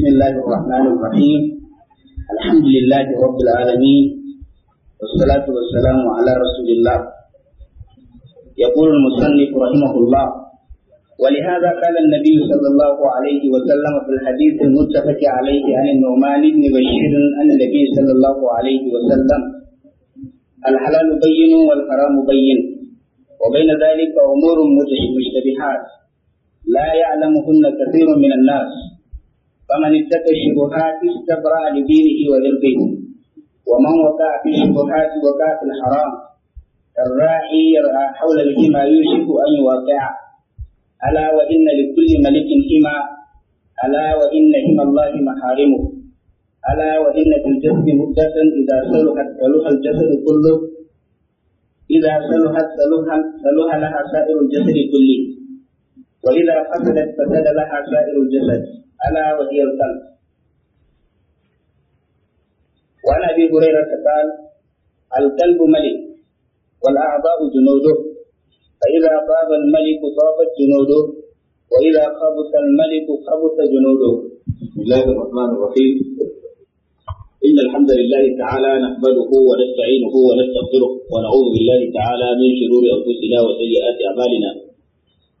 بسم الله الرحمن الرحيم الحمد لله رب العالمين والصلاة والسلام على رسول الله يقول المصنف رحمه الله ولهذا قال النبي صلى الله عليه وسلم في الحديث المتفق عليه عن النعمان بن بشير عن النبي صلى الله عليه وسلم الحلال بين والحرام بين وبين ذلك أمور مشتبهات لا يعلمهن كثير من الناس فمن اتقى الشبهات استبرأ لدينه وعرضه ومن وقع في الشبهات وقع في الحرام الراعي يرعى حول الهما يوشك أن يوقع ألا وإن لكل ملك هما ألا وإن هما الله محارمه ألا وإن في الجسد مدة إذا صلحت صلح الجسد كله إذا صلحت صلح لها سائر الجسد كله وإذا فسدت فسد لها سائر الجسد على وهي القلب وعن أبي هريرة قال القلب ملك والأعضاء جنوده فإذا طاب الملك طابت جنوده وإذا خبث الملك خبث جنوده بسم الله الرحمن الرحيم إن الحمد لله تعالى نحمده ونستعينه ونستغفره ونعوذ بالله تعالى من شرور أنفسنا وسيئات أعمالنا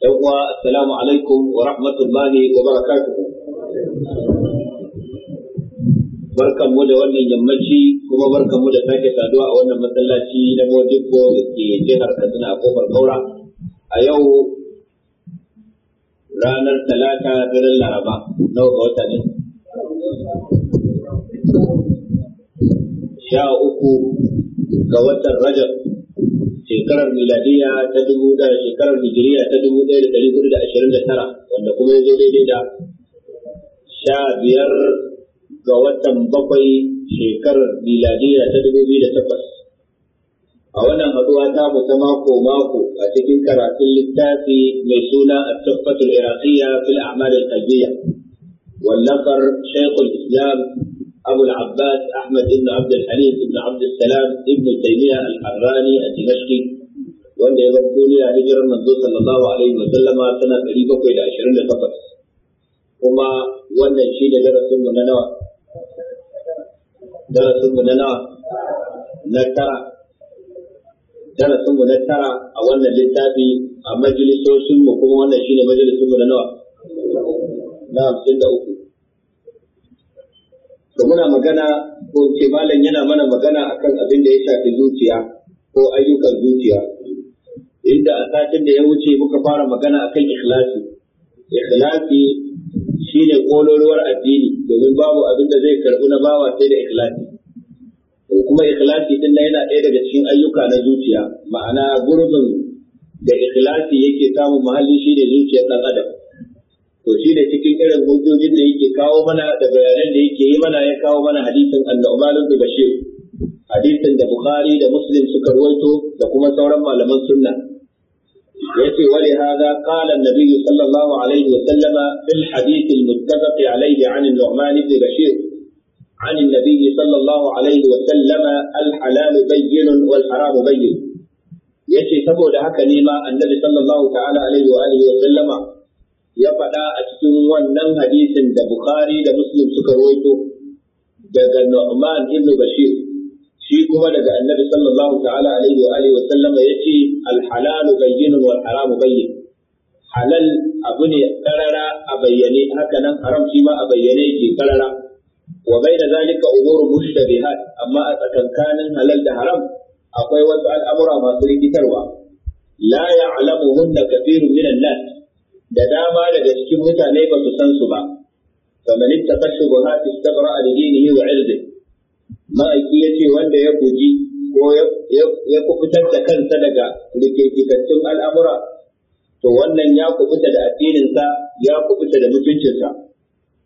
yan uwa assalamu alaikum wa rahmatullahi wa barakatuhu barkan mu da wannan yammaci kuma barkan mu da sake saduwa a wannan masallaci na Modibbo da ke jihar Katsina a kofar Kaura a yau ranar talata daren Laraba nawa ga wata ne sha uku ga watan Rajab shekarar miladiya ta dubu ɗaya shekarar hijiriya ta dubu ɗaya da ɗari hudu da ashirin da tara wanda kuma ya zo daidai da sha biyar ga watan bakwai shekarar miladiya ta dubu biyu da takwas a wannan haɗuwa ta mu ta mako mako a cikin karatun littafi mai suna at-tuhfatul iraqiyya fil a'mal al-qalbiyya wallakar shaykhul islam أبو العباس أحمد بن عبد الحليم بن عبد السلام بن تيمية الحراني الدمشقي wanda ya bar duniya hijirar manzo sallallahu alaihi wa sallama tana ɗari bakwai da ashirin da takwas kuma wannan shi ne darasinmu na nawa darasinmu na nawa na tara darasinmu na tara a wannan littafi a majalisosinmu kuma wannan shi ne majalisinmu na nawa na hamsin da uku to muna magana ko ce malam yana mana magana akan abin da ya shafi zuciya ko ayyukan zuciya inda a satin da ya wuce muka fara magana akan ikhlasi ikhlasi shine kololuwar addini domin babu abin da zai karbu na bawa sai da ikhlasi kuma ikhlasi din nan yana ɗaya daga cikin ayyuka na zuciya ma'ana gurbin da ikhlasi yake samun mahalli shine zuciyar ɗan adam to shi ne cikin irin hujjojin da yake kawo mana da bayanan da yake yi mana ya kawo mana hadisin annu'man da bashir hadisin da bukhari da muslim suka ruwaito da kuma sauran malaman sunna yace wa li hadha qala an sallallahu alaihi wa sallama fil hadith al-muttafaq alayhi 'an an-nu'man ibn bashir عن النبي صلى الله عليه وسلم الحلال بين والحرام بين يجي سبو لهك نيما النبي صلى الله تعالى عليه وآله وسلم ya faɗa a cikin wannan hadisin da Bukhari da Muslim suka rawaito daga Nu'man ibn Bashir shi kuma daga Annabi sallallahu ta'ala alaihi wa alihi wa sallam yace al-halal bayyin wal haram bayyin halal abu ne karara a bayyane haka nan haram shi ma a bayyane yake karara wa bayna zalika umuru mushtabihat amma a tsakankanin halal da haram akwai wasu al'amura masu rikitarwa la ya'lamuhunna kathirun minan nas da dama daga cikin mutane ba su san su ba kamar ta kashe buha istabra a yi wa irzi ma'aiki ya ce wanda ya guji ko ya kubutar da kansa daga rikikikattun al'amura to wannan ya kubuta da addininsa ya kubuta da mutuncinsa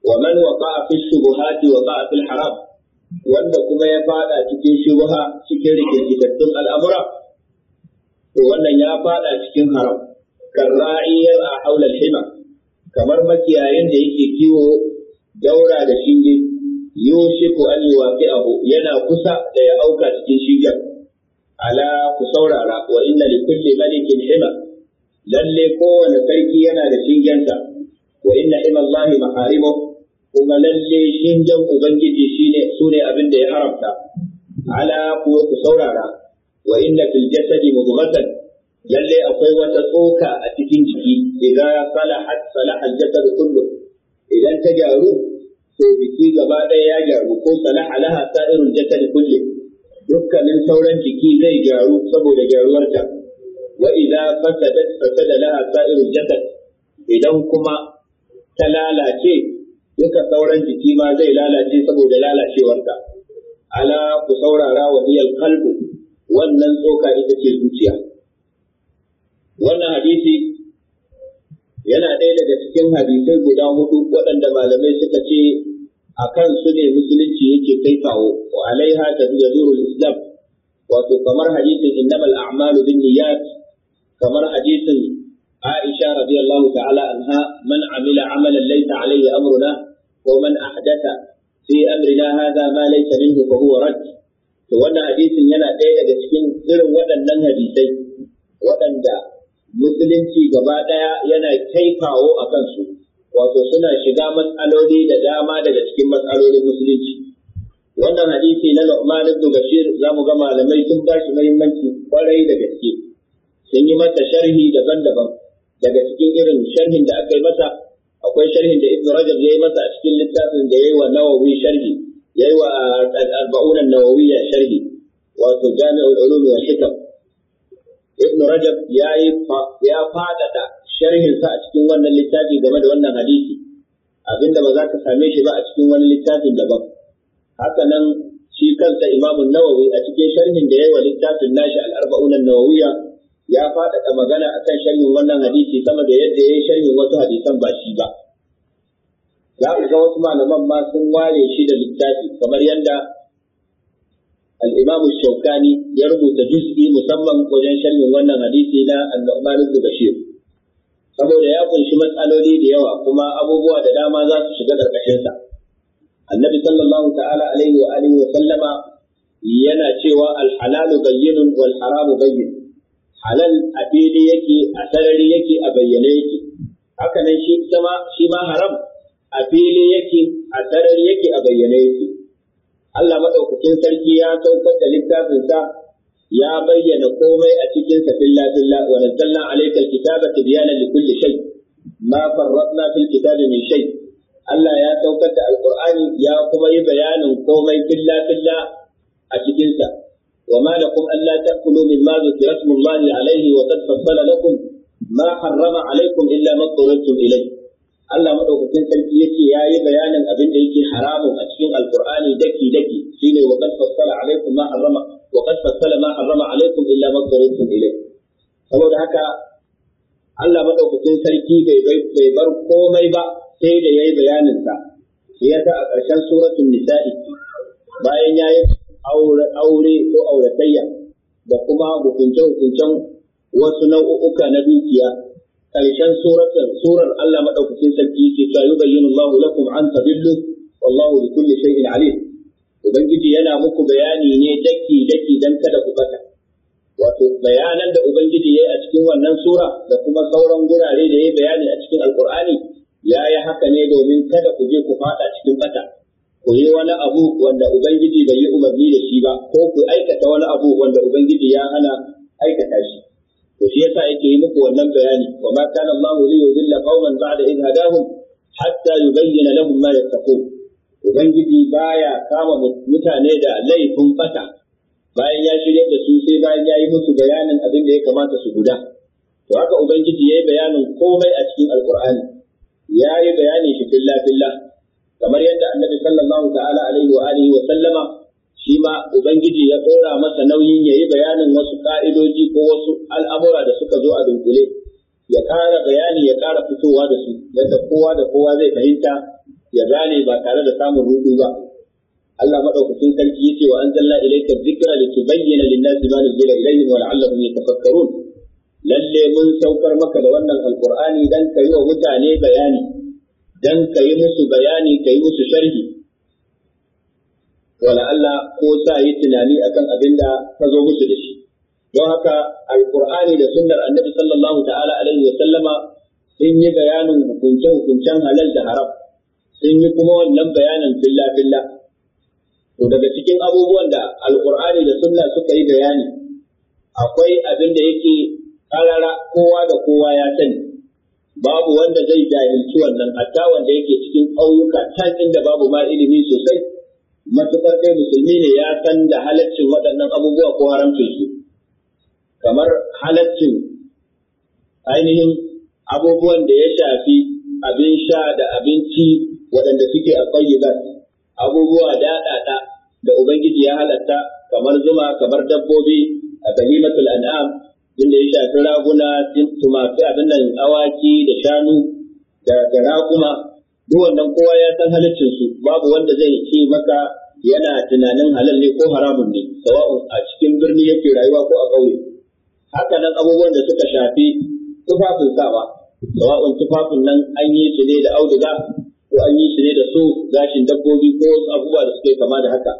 wa man waqa'a fi shubuhati waqa'a fil haram wanda kuma ya fada cikin shubuha cikin rikikikattun al'amura to wannan ya fada cikin haram karra'i yar'a haula al-hima kamar makiyayin da yake kiwo daura da shinge yushiku an abu, yana kusa da ya auka cikin shigar. ala ku saurara wa inna li kulli malikin hima lalle kowane sarki yana da shingensa wa inna hima Allahi maharimu kuma lalle shingen ubangiji shine sune abin da ya haramta ala ku ku saurara wa inna fil jasadi mudghatan lalle akwai wata tsoka a cikin jiki idan salahat salahal jasad kullu idan ta gyaru to jiki gaba ɗaya ya gyaru ko salaha laha sa'irul jasad kullu dukkanin sauran jiki zai gyaru saboda gyaruwarta wa idza fasadat fasada laha sa'irul jasad idan kuma ta lalace duka sauran jiki ma zai lalace saboda lalacewarta ala ku saurara wa qalbu wannan tsoka ita ce zuciya wannan hadisi yana ɗaya daga cikin hadisai guda hudu waɗanda malamai suka ce a kan su ne musulunci yake kai kawo wa alaiha ta biya islam wato kamar hadisin innamal a'malu bin niyyat kamar hadisin aisha radiyallahu ta'ala anha man amila amalan laysa alayhi amruna wa man ahdatha fi amrina hadha ma laysa minhu fa huwa rad to wannan hadisin yana ɗaya daga cikin irin waɗannan hadisai waɗanda musulunci gaba ɗaya yana kai kawo a kansu wato suna shiga matsaloli da dama daga cikin matsalolin musulunci wannan hadisi na Nu'man ibn Bashir zamu ga malamai sun bashi muhimmanci kwarai da gaske sun yi masa sharhi daban-daban daga cikin irin sharhin da aka yi masa akwai sharhin da Ibn Rajab ya yi masa a cikin littafin da ya yi wa Nawawi sharhi ya yi wa Arba'un Nawawiyya sharhi wato Jami'ul Ulum wal Hikam ibn rajab ya faɗaɗa sharhinsa a cikin wannan littafi game da wannan hadisi abinda ba za ka same shi ba a cikin wani littafin daban haka nan shi kansa imamu nawawi a cikin sharhin da ya wa littafin nashi al-arba'un an-nawawiyya ya faɗaɗa magana akan sharhin wannan hadisi sama da yadda ya yi sharhin wasu hadisan ba shi ba za ku ga wasu malaman ma sun ware shi da littafi kamar yadda al-Imam Shawkani ya rubuta juz'i musamman wajen sharhin wannan hadisi na Al-Nu'man ibn saboda ya kunshi matsaloli da yawa kuma abubuwa da dama za su shiga karkashin sa Annabi sallallahu ta'ala alaihi wa wa sallama yana cewa al-halalu bayyinun wal haramu halal a fili yake a sarari yake a bayyane yake haka shi ma haram a fili yake a sarari a bayyane Allah maɗaukakin sarki ya saukar da littafinsa ya bayyana komai a cikin sa filla filla wa nazzalna alayka alkitaba tibyana likulli shay ma farratna fil kitabi min shay Allah ya saukar da alqur'ani ya kuma yi bayanin komai filla filla a cikin sa wa ma lakum alla ta'kulu mimma dhukira ismullahi alayhi wa qad fassala lakum ma harrama alaykum illa ma dhurrtum ilayhi Allah madaukakin sarki yake yayi bayanin abin da yake haramun a cikin alkur'ani daki daki shine wa qad fassala alaikum ma harrama wa qad fassala ma harrama alaikum illa ma qarrtum saboda haka Allah madaukakin sarki bai bai bar komai ba sai da yayi bayanin sa shi yasa a ƙarshen suratul nisa'i bayan yayi aure aure ko auratayya da kuma hukunce hukuncen wasu nau'uka na dukiya ƙarshen suratan surar Allah madaukakin sarki yake cewa yubayyinu Allahu lakum an tadillu wallahu bi kulli shay'in alim ubangiji yana muku bayani ne daki daki dan kada ku bata wato bayanan da ubangiji yayi a cikin wannan sura da kuma sauran gurare da yayi bayani a cikin alqur'ani ya yi haka ne domin kada ku je ku fada cikin bata ku yi wani abu wanda ubangiji bai yi umarni da shi ba ko ku aikata wani abu wanda ubangiji ya hana aikata shi to shi yasa yake yi muku wannan bayani wa ma kana Allah li yudilla qauman ba'da idh hadahum hatta yubayyana lahum ma yattaqun ubangiji baya kama mutane da laifin fata bayan ya shirya da su sai bayan ya yi musu bayanin abin da ya kamata su guda to haka ubangiji yayi bayanin komai a cikin alqur'ani yayi bayani shi filla filla kamar yadda annabi sallallahu ta'ala alaihi wa alihi wa sallama shi ma ubangiji ya ɗora masa nauyin ya yi bayanin wasu ka'idoji ko wasu al'amura da suka zo a dunkule ya ƙara bayani ya ƙara fitowa da su yadda kowa da kowa zai fahimta ya gane ba tare da samun rudu ba Allah madaukakin sarki yace wa anzalna da ke bayyana lin-nasi ma nuzila ilayhim wa la'allahum yatafakkarun lalle mun saukar maka da wannan alqur'ani dan yi wa mutane bayani dan yi musu bayani yi musu sharhi wala Allah ko sa yi tunani akan abinda da ka zo musu da shi don haka alqur'ani da sunnar annabi sallallahu ta'ala alaihi wa sallama sun yi bayanin hukunce hukuncen halal da haram sun yi kuma wannan bayanin billa billa to daga cikin abubuwan da alqur'ani da sunna suka yi bayani akwai abin da yake karara kowa da kowa ya sani babu wanda zai jahilci wannan hatta wanda yake cikin ƙauyuka can inda babu ma ilimi sosai matuƙar dai musulmi ne ya san da halaccin waɗannan abubuwa ko haramcin su kamar halaccin ainihin abubuwan da ya shafi abin sha da abinci waɗanda suke a tsayyibar abubuwa daɗaɗa da ubangiji ya halatta kamar zuma kamar dabbobi a bahimatul an'am inda ya shafi raguna tumafi abin nan awaki da shanu da raƙuma duk wannan kowa ya san halaccin su babu wanda zai ce maka yana tunanin halal ne ko haramun ne sawa'un a cikin birni yake rayuwa ko a ƙauye haka nan abubuwan da suka shafi tufafin sawa sawa'un tufafin nan an yi su ne da auduga ko an yi su ne da su gashin dabbobi ko wasu abubuwa da suke kama da haka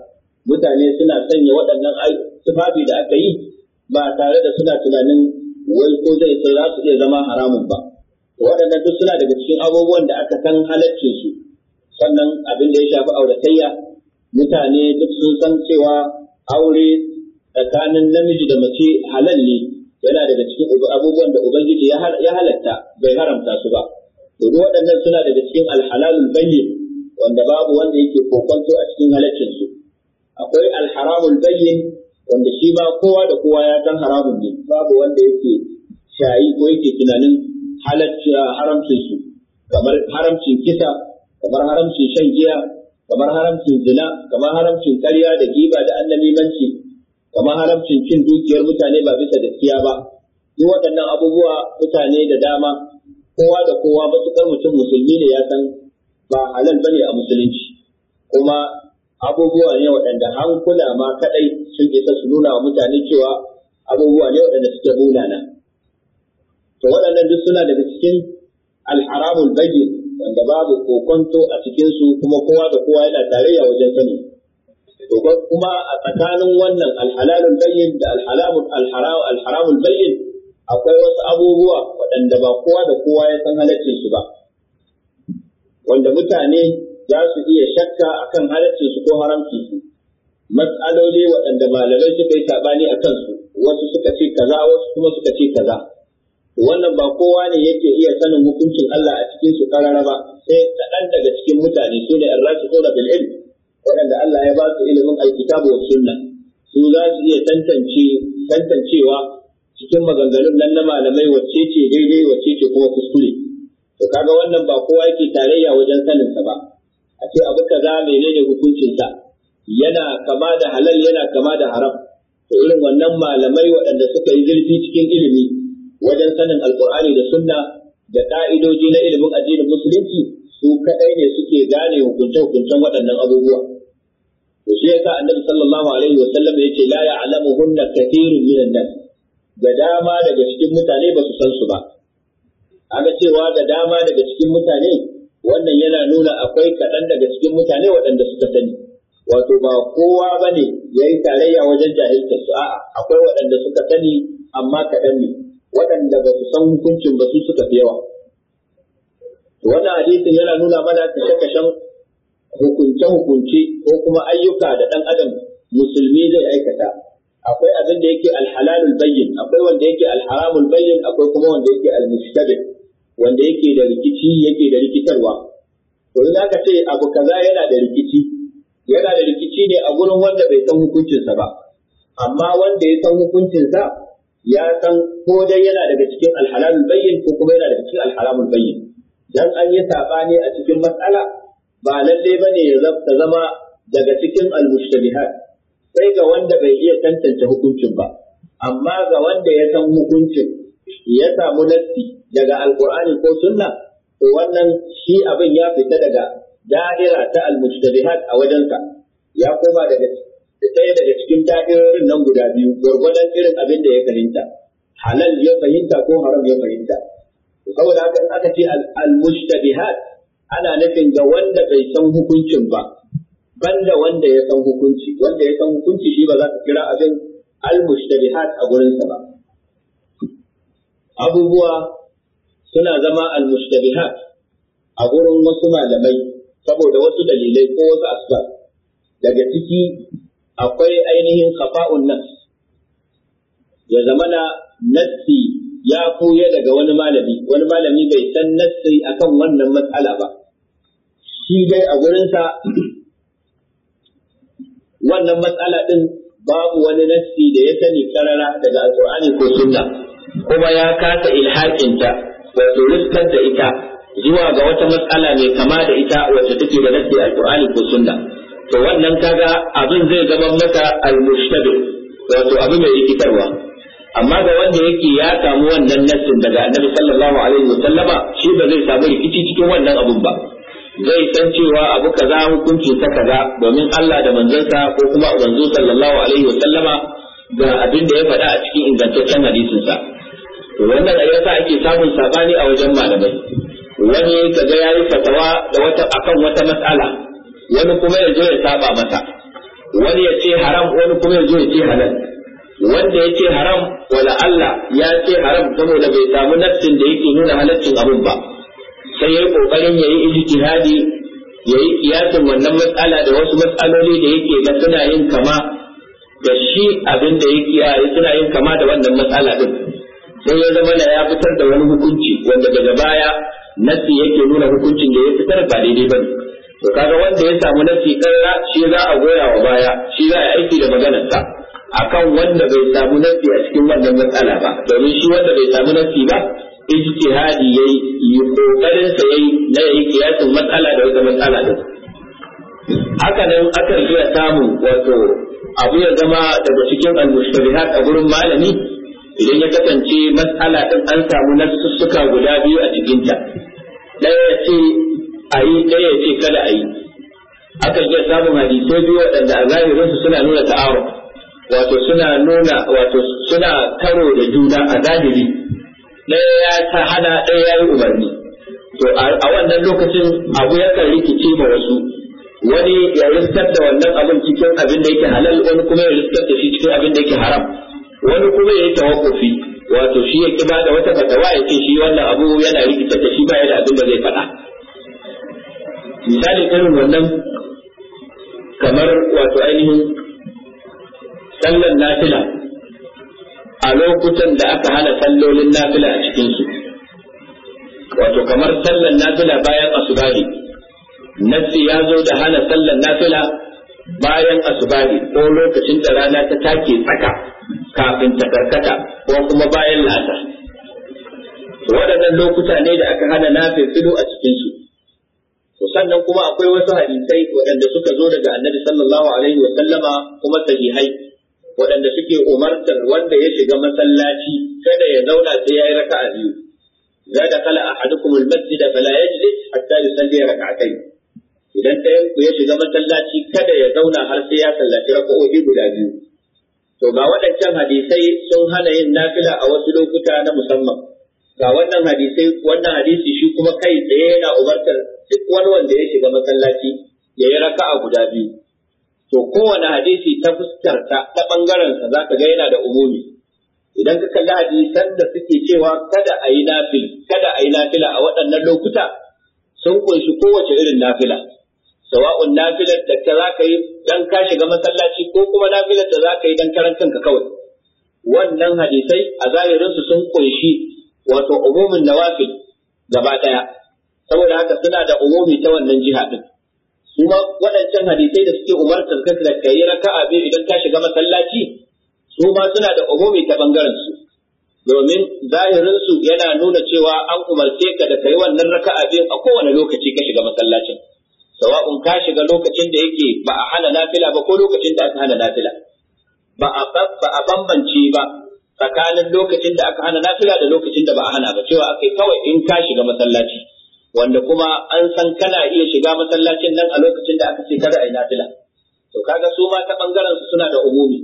mutane suna sanya waɗannan tufafi da aka yi ba tare da suna tunanin wai ko zai za su iya zama haramun ba waɗannan duk suna daga cikin abubuwan da aka san halaccin su sannan abin da ya shafi auratayya mutane duk sun san cewa aure tsakanin namiji da mace halal ne yana daga cikin abubuwan da ubangiji ya halatta bai haramta su ba to duk waɗannan suna daga cikin alhalalul bayyin wanda babu wanda yake kokonto a cikin halaccin akwai alharamul bayyin wanda shi ba kowa da kowa ya san haramun ne babu wanda yake shayi ko yake tunanin halatta haramcin su kamar haramcin kisa kamar haramcin shan giya kamar haramcin zina kamar haramcin ƙarya da giba da annabimanci kamar haramcin cin dukiyar mutane ba bisa gaskiya ba duk waɗannan abubuwa mutane da dama kowa da kowa matuƙar mutum musulmi ne ya san ba halal bane a musulunci kuma abubuwa ne waɗanda hankula ma kaɗai sun isa su nuna wa mutane cewa abubuwa ne waɗanda suke na to waɗannan duk suna daga cikin alharamul bayyin wanda babu kokonto a cikin su kuma kowa da kowa yana tarayya wajen sani to kuma a tsakanin wannan alhalalul bayyin da alharamul alharamul bayyin akwai wasu abubuwa waɗanda ba kowa da kowa ya san halaccin su ba wanda mutane za su iya shakka akan halaccin su ko haramcin su mas'aloli waɗanda malamai suka yi saɓani a kansu wasu suka ce kaza wasu kuma suka ce kaza wannan ba kowa ne yake iya sanin hukuncin Allah a cikin su karara ba sai kaɗan daga cikin mutane su ne arrasu ko bil ilm waɗanda Allah ya ba su ilimin alkitabu wa sunna su za su iya tantance tantancewa cikin maganganun nan na malamai wacce ce daidai wacce ce kuma kuskure to kaga wannan ba kowa yake tarayya wajen sanin sa ba a ce abu kaza menene hukuncin sa yana kama da halal yana kama da haram to irin wannan malamai waɗanda suka yi zurfi cikin ilimi wajen sanin alkur'ani da sunna da ka'idoji na ilimin addinin musulunci su kadai ne suke gane hukunce-hukuncen waɗannan abubuwa to shi yasa annabi sallallahu alaihi wa sallam yace la ya'lamuhunna kathirun minan nas da dama daga cikin mutane ba su san su ba aga cewa da dama daga cikin mutane wannan yana nuna akwai kaɗan daga cikin mutane waɗanda suka sani wato ba kowa ba ne ya yi tarayya wajen jahilta su a'a akwai waɗanda suka sani amma kaɗan ne waɗanda ba su san hukuncin ba su suka fi yawa wannan hadisin yana nuna mana kashe-kashen hukunce-hukunce ko kuma ayyuka da ɗan adam musulmi zai aikata akwai abin da yake alhalalul bayyin akwai wanda yake alharamul bayyin akwai kuma wanda yake almustabih wanda yake da rikici yake da rikitarwa to za aka ce abu kaza yana da rikici yana da rikici ne a gurin wanda bai san hukuncinsa ba amma wanda ya san hukuncinsa ya san ko dai yana daga cikin alhalalul bayyin ko kuma yana daga cikin alharamul bayyin dan an yi sabani a cikin matsala ba lalle bane ya zama daga cikin almushtabihat sai ga wanda bai iya tantance hukuncin ba amma ga wanda ya san hukuncin ya samu nassi daga alqur'ani ko sunna to wannan shi abin ya fita daga da'ira ta almushtabihat a wajenka, ya koma daga da ɗaya daga cikin ta'irorin nan guda biyu gwargwadon irin abin da ya fahimta halal ya fahimta ko haram ya fahimta saboda haka in aka ce al-mushtabihat ana nufin ga wanda bai san hukuncin ba banda wanda ya san hukunci wanda ya san hukunci shi ba za ka kira abin al-mushtabihat a gurinsa ba abubuwa suna zama al-mushtabihat a gurin wasu malamai saboda wasu dalilai ko wasu asbab daga ciki akwai ainihin kafa'un nan, ya zamana nassi ya koya daga wani malami wani malami bai san nassi akan wannan matsala ba shi dai a gurinsa wannan matsala ɗin, babu wani nassi da ya sani karara daga Alƙur'ani ko sunna kuma ya kasa ilhaƙinta wato riskar da ita zuwa ga wata matsala mai kama da ita wacce take da nassi alkur'ani ko sunna to wannan kaga abin zai zama masa al-mushtabi wato abu mai rikitarwa amma ga wanda yake ya samu wannan nassin daga annabi sallallahu alaihi wasallama shi ba zai samu rikici cikin wannan abun ba zai san cewa abu kaza hukunci ta kaza domin Allah da manzansa ko kuma manzo sallallahu alaihi wasallama ga abin da ya faɗa a cikin ingantaccen hadisinsa to wannan yasa ake samun sabani a wajen malamai wani kaga yayi fatawa da wata akan wata mas'ala wani kuma ya zo ya saba masa wani ya ce haram wani kuma ya zo ya ce halal wanda ya ce haram wala Allah ya ce haram saboda bai samu nafsin da yake nuna halaccin abin ba sai ya yi kokarin ya yi ijtihadi ya yi kiyasin wannan matsala da wasu matsaloli da yake ga suna yin kama da shi abin da yake suna yin kama da wannan matsala din sai ya zama ya fitar da wani hukunci wanda daga baya nasi yake nuna hukuncin da ya fitar ba daidai ba ne kaga wanda ya samu nafi karra shi za a goya wa baya shi za a aiki da maganarsa akan wanda bai samu nafi a cikin wannan matsala ba domin shi wanda bai samu nafi ba ijtihadi yayi yi kokarin sa yayi na yayi kiyasin matsala da wata matsala din haka nan akan iya samu wato abu ya zama daga cikin al-mustabihat a gurin malami idan ya kasance matsala din an samu nasussuka guda biyu a cikinta ɗaya ce a yi ɗaya ya ce kada a yi akan iya samun hadisai biyu waɗanda a zahirinsu suna nuna ta'aru wato suna nuna wato suna karo da juna a zahiri ɗaya ya ta hana ɗaya ya yi umarni to a wannan lokacin abu ya kan rikice ma wasu wani ya riskar da wannan abin cikin abin da yake halal wani kuma ya riskar da shi cikin abin da yake haram wani kuma ya yi tawakkufi wato shi ya kiba bada wata fatawa ya ce shi wannan abu yana rikice da shi ba da abin da zai faɗa misali irin wannan kamar wato ainihin sallan nafila a lokutan da aka hana sallolin nafila a cikinsu wato kamar sallan nafila bayan asubahi nassi ya zo da hana sallan nafila bayan asubahi ko lokacin da rana ta take tsaka kafin ta karkata ko kuma bayan la'asar waɗannan lokuta ne da aka hana nafil a cikinsu to sannan kuma akwai wasu hadisai waɗanda suka zo daga annabi sallallahu alaihi wa sallama kuma sahihai waɗanda suke umartar wanda ya shiga masallaci kada ya zauna sai ya yi raka'a biyu za da kala ahadukum almasjid la yajlis hatta yusalli raka'atayn idan ɗayan ku ya shiga masallaci kada ya zauna har sai ya sallaci raka'o'i guda biyu to ga waɗancan hadisai sun hana yin nafila a wasu lokuta na musamman ga wannan hadisai wannan hadisi shi kuma kai tsaye yana umartar duk wani wanda ya shiga masallaci ya yi raka'a guda biyu to kowane hadisi ta fuskar ta ta bangaren sa zaka ga yana da umumi idan ka kalli hadisan da suke cewa kada a yi nafil kada a yi nafila a waɗannan lokuta sun kunshi kowace irin nafila sawa'un nafilar da ka za ka yi dan ka shiga masallaci ko kuma nafilar da za ka yi dan karan kanka kawai wannan hadisai a zahirinsu sun kunshi wato umumin nawafil gaba ɗaya saboda haka suna da umumi ta wannan jiha din kuma waɗancan hadisai da suke umartar ka da kai raka'a biyu idan ka shiga masallaci su ma suna da umumi ta bangaren su domin zahirin su yana nuna cewa an umarce ka da kai wannan raka'a bi a kowane lokaci ka shiga masallacin sawa'un ka shiga lokacin da yake ba a hana nafila ba ko lokacin da aka hana nafila ba a ba a bambance ba tsakanin lokacin da aka hana nafila da lokacin da ba a hana ba cewa akai kawai in ka shiga masallaci wanda kuma an san kana iya shiga masallacin nan a lokacin da aka ce kada a yi nafila to kaga su ma ta bangaren su suna da umumi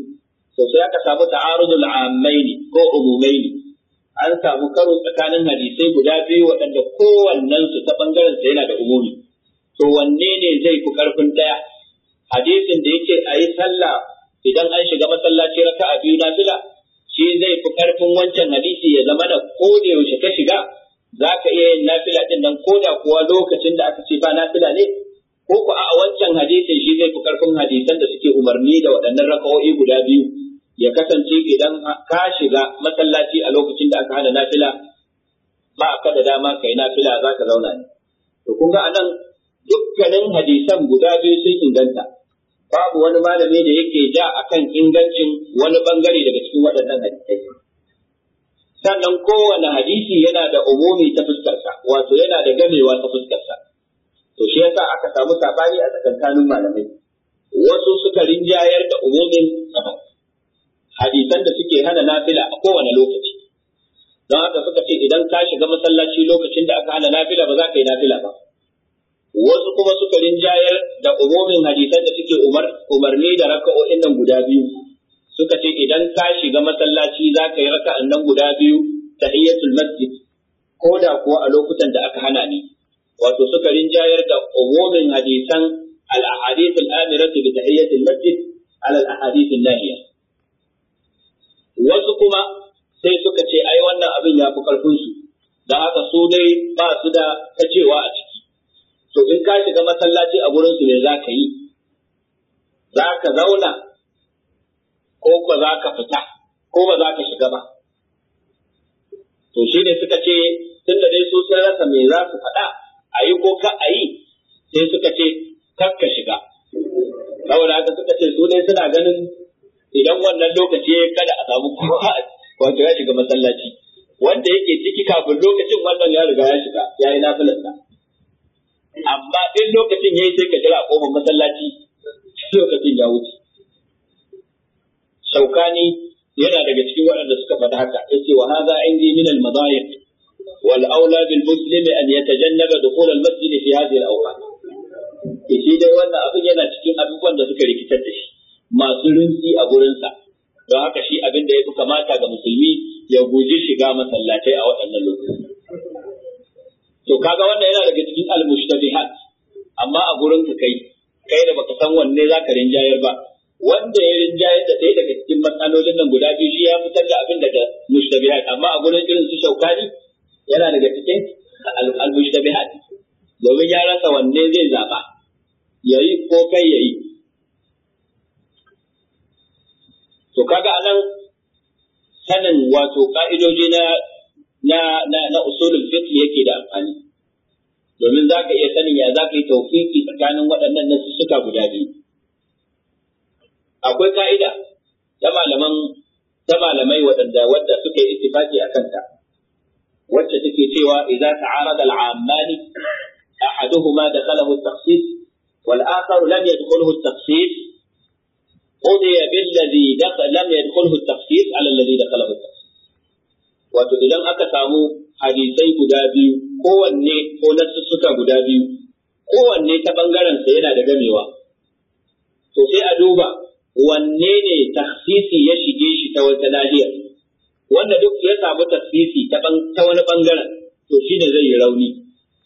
to sai aka samu ta'arudul ammaini ko umumaini an samu karo tsakanin hadisai guda biyu waɗanda kowannen su ta bangaren sa yana da umumi to wanne ne zai fi karfin daya hadisin da yake a yi sallah idan an shiga masallaci raka'a biyu nafila shi zai fi karfin wancan hadisi ya zama da ko da yaushe ka shiga za ka iya yin nafila ɗin nan ko da kuwa lokacin da aka ce ba nafila ne ko ku a wancan hadisin shi zai fi karfin hadisan da suke umarni da waɗannan raka'o'i guda biyu ya kasance idan ka shiga masallaci a lokacin da aka hana nafila ba ka da dama kai nafila za ka zauna ne to kun ga anan dukkanin hadisan guda biyu sun inganta babu wani malami da yake ja akan ingancin wani bangare daga cikin waɗannan hadisai sannan kowane hadisi yana da umumi ta fuskarsa wato yana da gamewa ta fuskarsa to shi yasa aka samu sabani a tsakankanin malamai wasu suka rinjayar da umumin hadisan da suke hana nafila a kowane lokaci don haka suka ce idan ka shiga masallaci lokacin da aka hana nafila ba za ka yi nafila ba wasu kuma suka rinjayar da umumin hadisan da suke umarni da raka'o'in nan guda biyu suka ce idan ka shiga masallaci za ka yi raka'an nan guda biyu tahiyyatul masjid ko da kuwa a lokutan da aka hana ni wato suka rinjayar da umumin hadisan al-ahadith al-amiratu bi tahiyyatil ala al-ahadith wasu kuma sai suka ce ai wannan abin ya fi karfin da haka su dai ba su da kacewa a ciki to in ka shiga masallaci a gurin su ne za ka yi za ka zauna ko ba za ka fita ko ba za ka shiga ba to shi ne suka ce tun da dai su sun rasa me za su faɗa a yi ko ka a yi sai suka ce kar ka shiga saboda haka suka ce su dai suna ganin idan wannan lokaci kada a samu kowa wato ya shiga masallaci wanda yake ciki kafin lokacin wannan ya riga ya shiga ya yi nafilarsa amma in lokacin ya yi sai ka jira a kofar masallaci lokacin ya wuce ne yana daga cikin waɗanda suka faɗa haka yace wa hadha indi min al madayiq wal aula bil muslim an yatajannaba dukhul al masjid fi hadhihi al awqat shi dai wannan abin yana cikin abubuwan da suka rikitar da shi masu rinsi a gurinsa don haka shi abin da ya fi kamata ga musulmi ya guji shiga masallatai a waɗannan lokaci. to kaga wannan yana daga cikin al-mushtabihat amma a gurin ka kai kai da baka san wanne zaka rinjayar ba wanda ya rinjaye da ɗaya daga cikin matsalolin nan guda biyu shi ya fitar da abin daga mushtabihat amma a gurin irin su shaukani yana daga cikin al-mushtabihat domin ya rasa wanne zai zaba yayi ko kai yayi to kaga anan sanin wato ka'idoji na na na, na usulul fiqh yake da amfani domin zaka iya sanin ya zaka yi tawfiqi tsakanin waɗannan nasu suka guda biyu akwai ka'ida ta malaman ta malamai waɗanda wadda suke ittifaki a kanta wacce take cewa idza ta'arada al-ammani ahaduhuma dakhalahu at-takhsis wal akharu lam yadkhulhu at-takhsis قضي بالذي دخل لم يدخله التخصيص على الذي دخله التخصيص wato idan aka samu hadisai guda biyu kowanne ko suka guda biyu kowanne ta bangaren sa yana da gamewa to sai a duba wanne ne taksisi ya shige shi ta wata lahiya wanda duk ya samu taksisi ta wani bangaren to shi ne zai yi rauni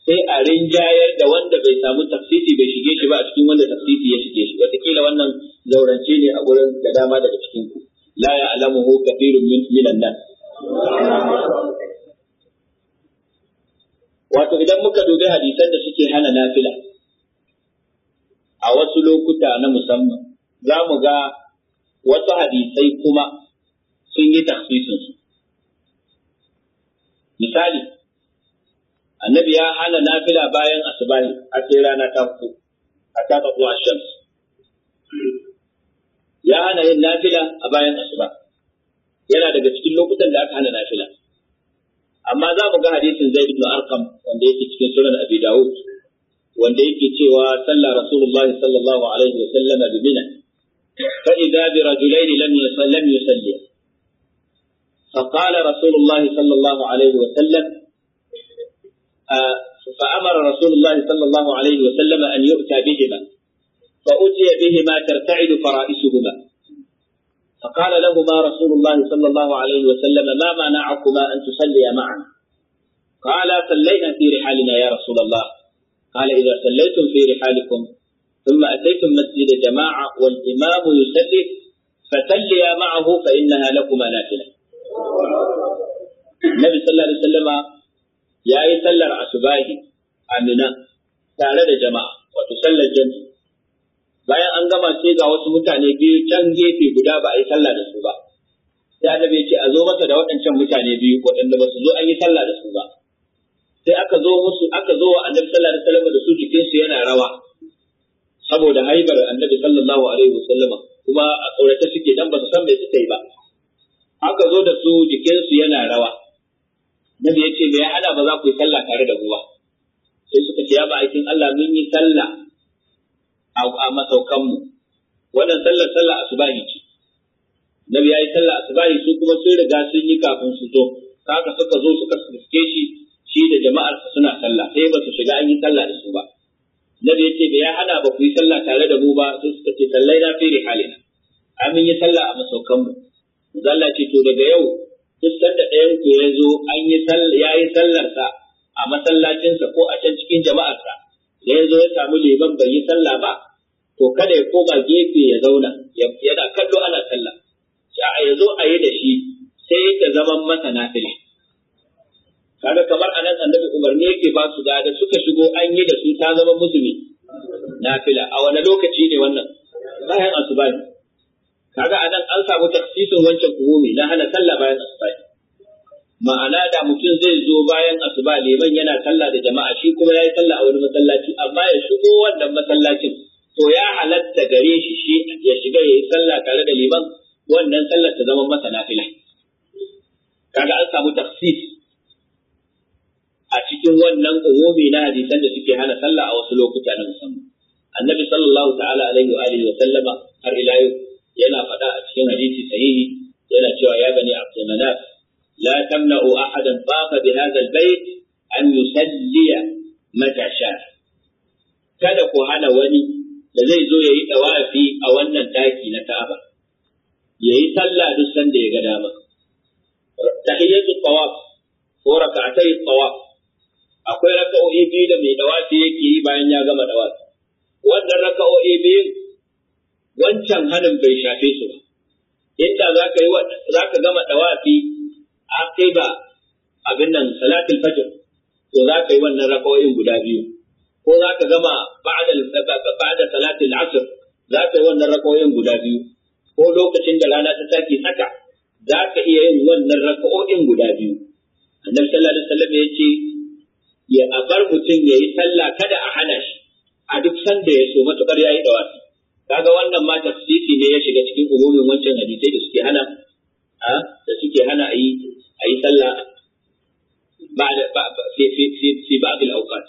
sai a rinjayar da wanda bai samu taksisi bai shige shi ba a cikin wanda taksisi ya shige shi wataƙila wannan zaurance ne a gurin da dama daga cikin ku la ya'lamuhu kathirun minan nan wato idan muka dubi hadisan da suke hana nafila a wasu lokuta na musamman za mu ga wasu hadisai kuma sun yi tafsisinsu. Misali, annabi ya hana nafila bayan asibani a sai rana ta fito, a ta fito a shams. Ya hana yin nafila a bayan asuba. Yana daga cikin lokutan da aka hana nafila. Amma za mu ga hadisin Zaid ibn Arqam wanda yake cikin sunan Abi Dawud wanda yake cewa sallah Rasulullahi sallallahu alaihi wa sallama bi Mina فإذا برجلين لم لم يصليا فقال رسول الله صلى الله عليه وسلم آه، فأمر رسول الله صلى الله عليه وسلم أن يؤتى بهما فأتي بهما ترتعد فرائسهما فقال لهما رسول الله صلى الله عليه وسلم ما منعكما أن تصليا معا قال صلينا في رحالنا يا رسول الله قال إذا صليتم في رحالكم ثم أتيت المسجد جماعة والإمام يصلي فصليا معه فإنها لكما نافلة النبي صلى الله عليه وسلم يا أي صلى عسباه أمنا تعرض جماعة وتسلى الجمع bayan an gama sai ga wasu mutane biyu can gefe guda ba a yi sallah da su ba sai annabi ya ce a zo masa da waɗancan mutane biyu waɗanda ba su zo an yi sallah da su ba sai aka zo musu aka zo wa annabi sallallahu alaihi wasallam da su jikin su yana rawa saboda haibar annabi sallallahu alaihi wasallama kuma a tsorata suke dan ba su san me suka yi ba aka zo da su jikinsu yana rawa nabi ya ce me ya hada ba za ku yi sallah tare da ruwa? sai suka ce ya ba aikin Allah mun yi sallah a masaukanmu wannan sallar sallah asubahi ce nabi ya yi sallah asubahi su kuma sun riga sun yi kafin su zo haka suka zo suka suke shi shi da jama'arsa suna sallah sai ba su shiga an yi sallah da su ba nabi yace da ya hada ba ku yi sallah tare da mu ba sai suka ce sallai na fi rihalina amin yi sallah a masaukan mu Allah ce to daga yau duk sanda ɗayan ku ya zo an yi ya yi sallarsa a masallacinsa ko a can cikin jama'arsa da ya ya samu liman bai yi sallah ba to kada ya koma gefe ya zauna yana kallo ana sallah sai ya zo a yi da shi sai ta zaman masa nafila kaga kamar anan annabi umarni yake ba su da suka shigo an yi da su ta zama musulmi nafila a wani lokaci ne wannan bayan asuba ne kaga anan an samu taksisin wancan umumi na hana sallah bayan asuba ma'ana da mutum zai zo bayan asuba liman yana sallah da jama'a shi kuma yayi sallah a wani masallaci amma ya shigo wannan masallacin to ya halatta gare shi shi ya shiga yayi sallah tare da liman wannan sallar ta zama masa nafila kaga an samu taksis a cikin wannan umumi na hadisan da suke hana sallah a wasu lokuta na musamman annabi sallallahu ta'ala alaihi wa alihi wa sallama har ila yau yana faɗa a cikin hadisi sahihi yana cewa ya bani abdul manaf la tamna'u ahadan baqa bi hadha albayt an yusalliya mata sha kada ku hana wani da zai zo yayi tawafi a wannan daki na Ka'aba yayi sallah duk sanda ya ga dama tahiyyatu tawaf ko rak'atai tawaf akwai raka'o'i biyu da mai dawafi yake yi bayan ya gama dawafi wannan raka'o'i biyu wancan hannun bai shafe su ba yadda za ka yi za ka gama dawafi a kai ba abin nan salatul fajr to za ka yi wannan raka'o'in guda biyu ko za ka gama ba'da ba'da salatul asr za ka yi wannan raka'o'in guda biyu ko lokacin da rana ta take saka za ka iya yin wannan raka'o'in guda biyu annabi sallallahu alaihi wasallam ya ce ya a mutum ya yi sallah kada a hana shi a duk sanda ya so matuƙar ya yi dawafi kaga wannan ma tafsiri ne ya shiga cikin umumin wancan hadisai da suke hana a da suke hana a yi a yi sallah ba ba ba fi ba ba'd awqat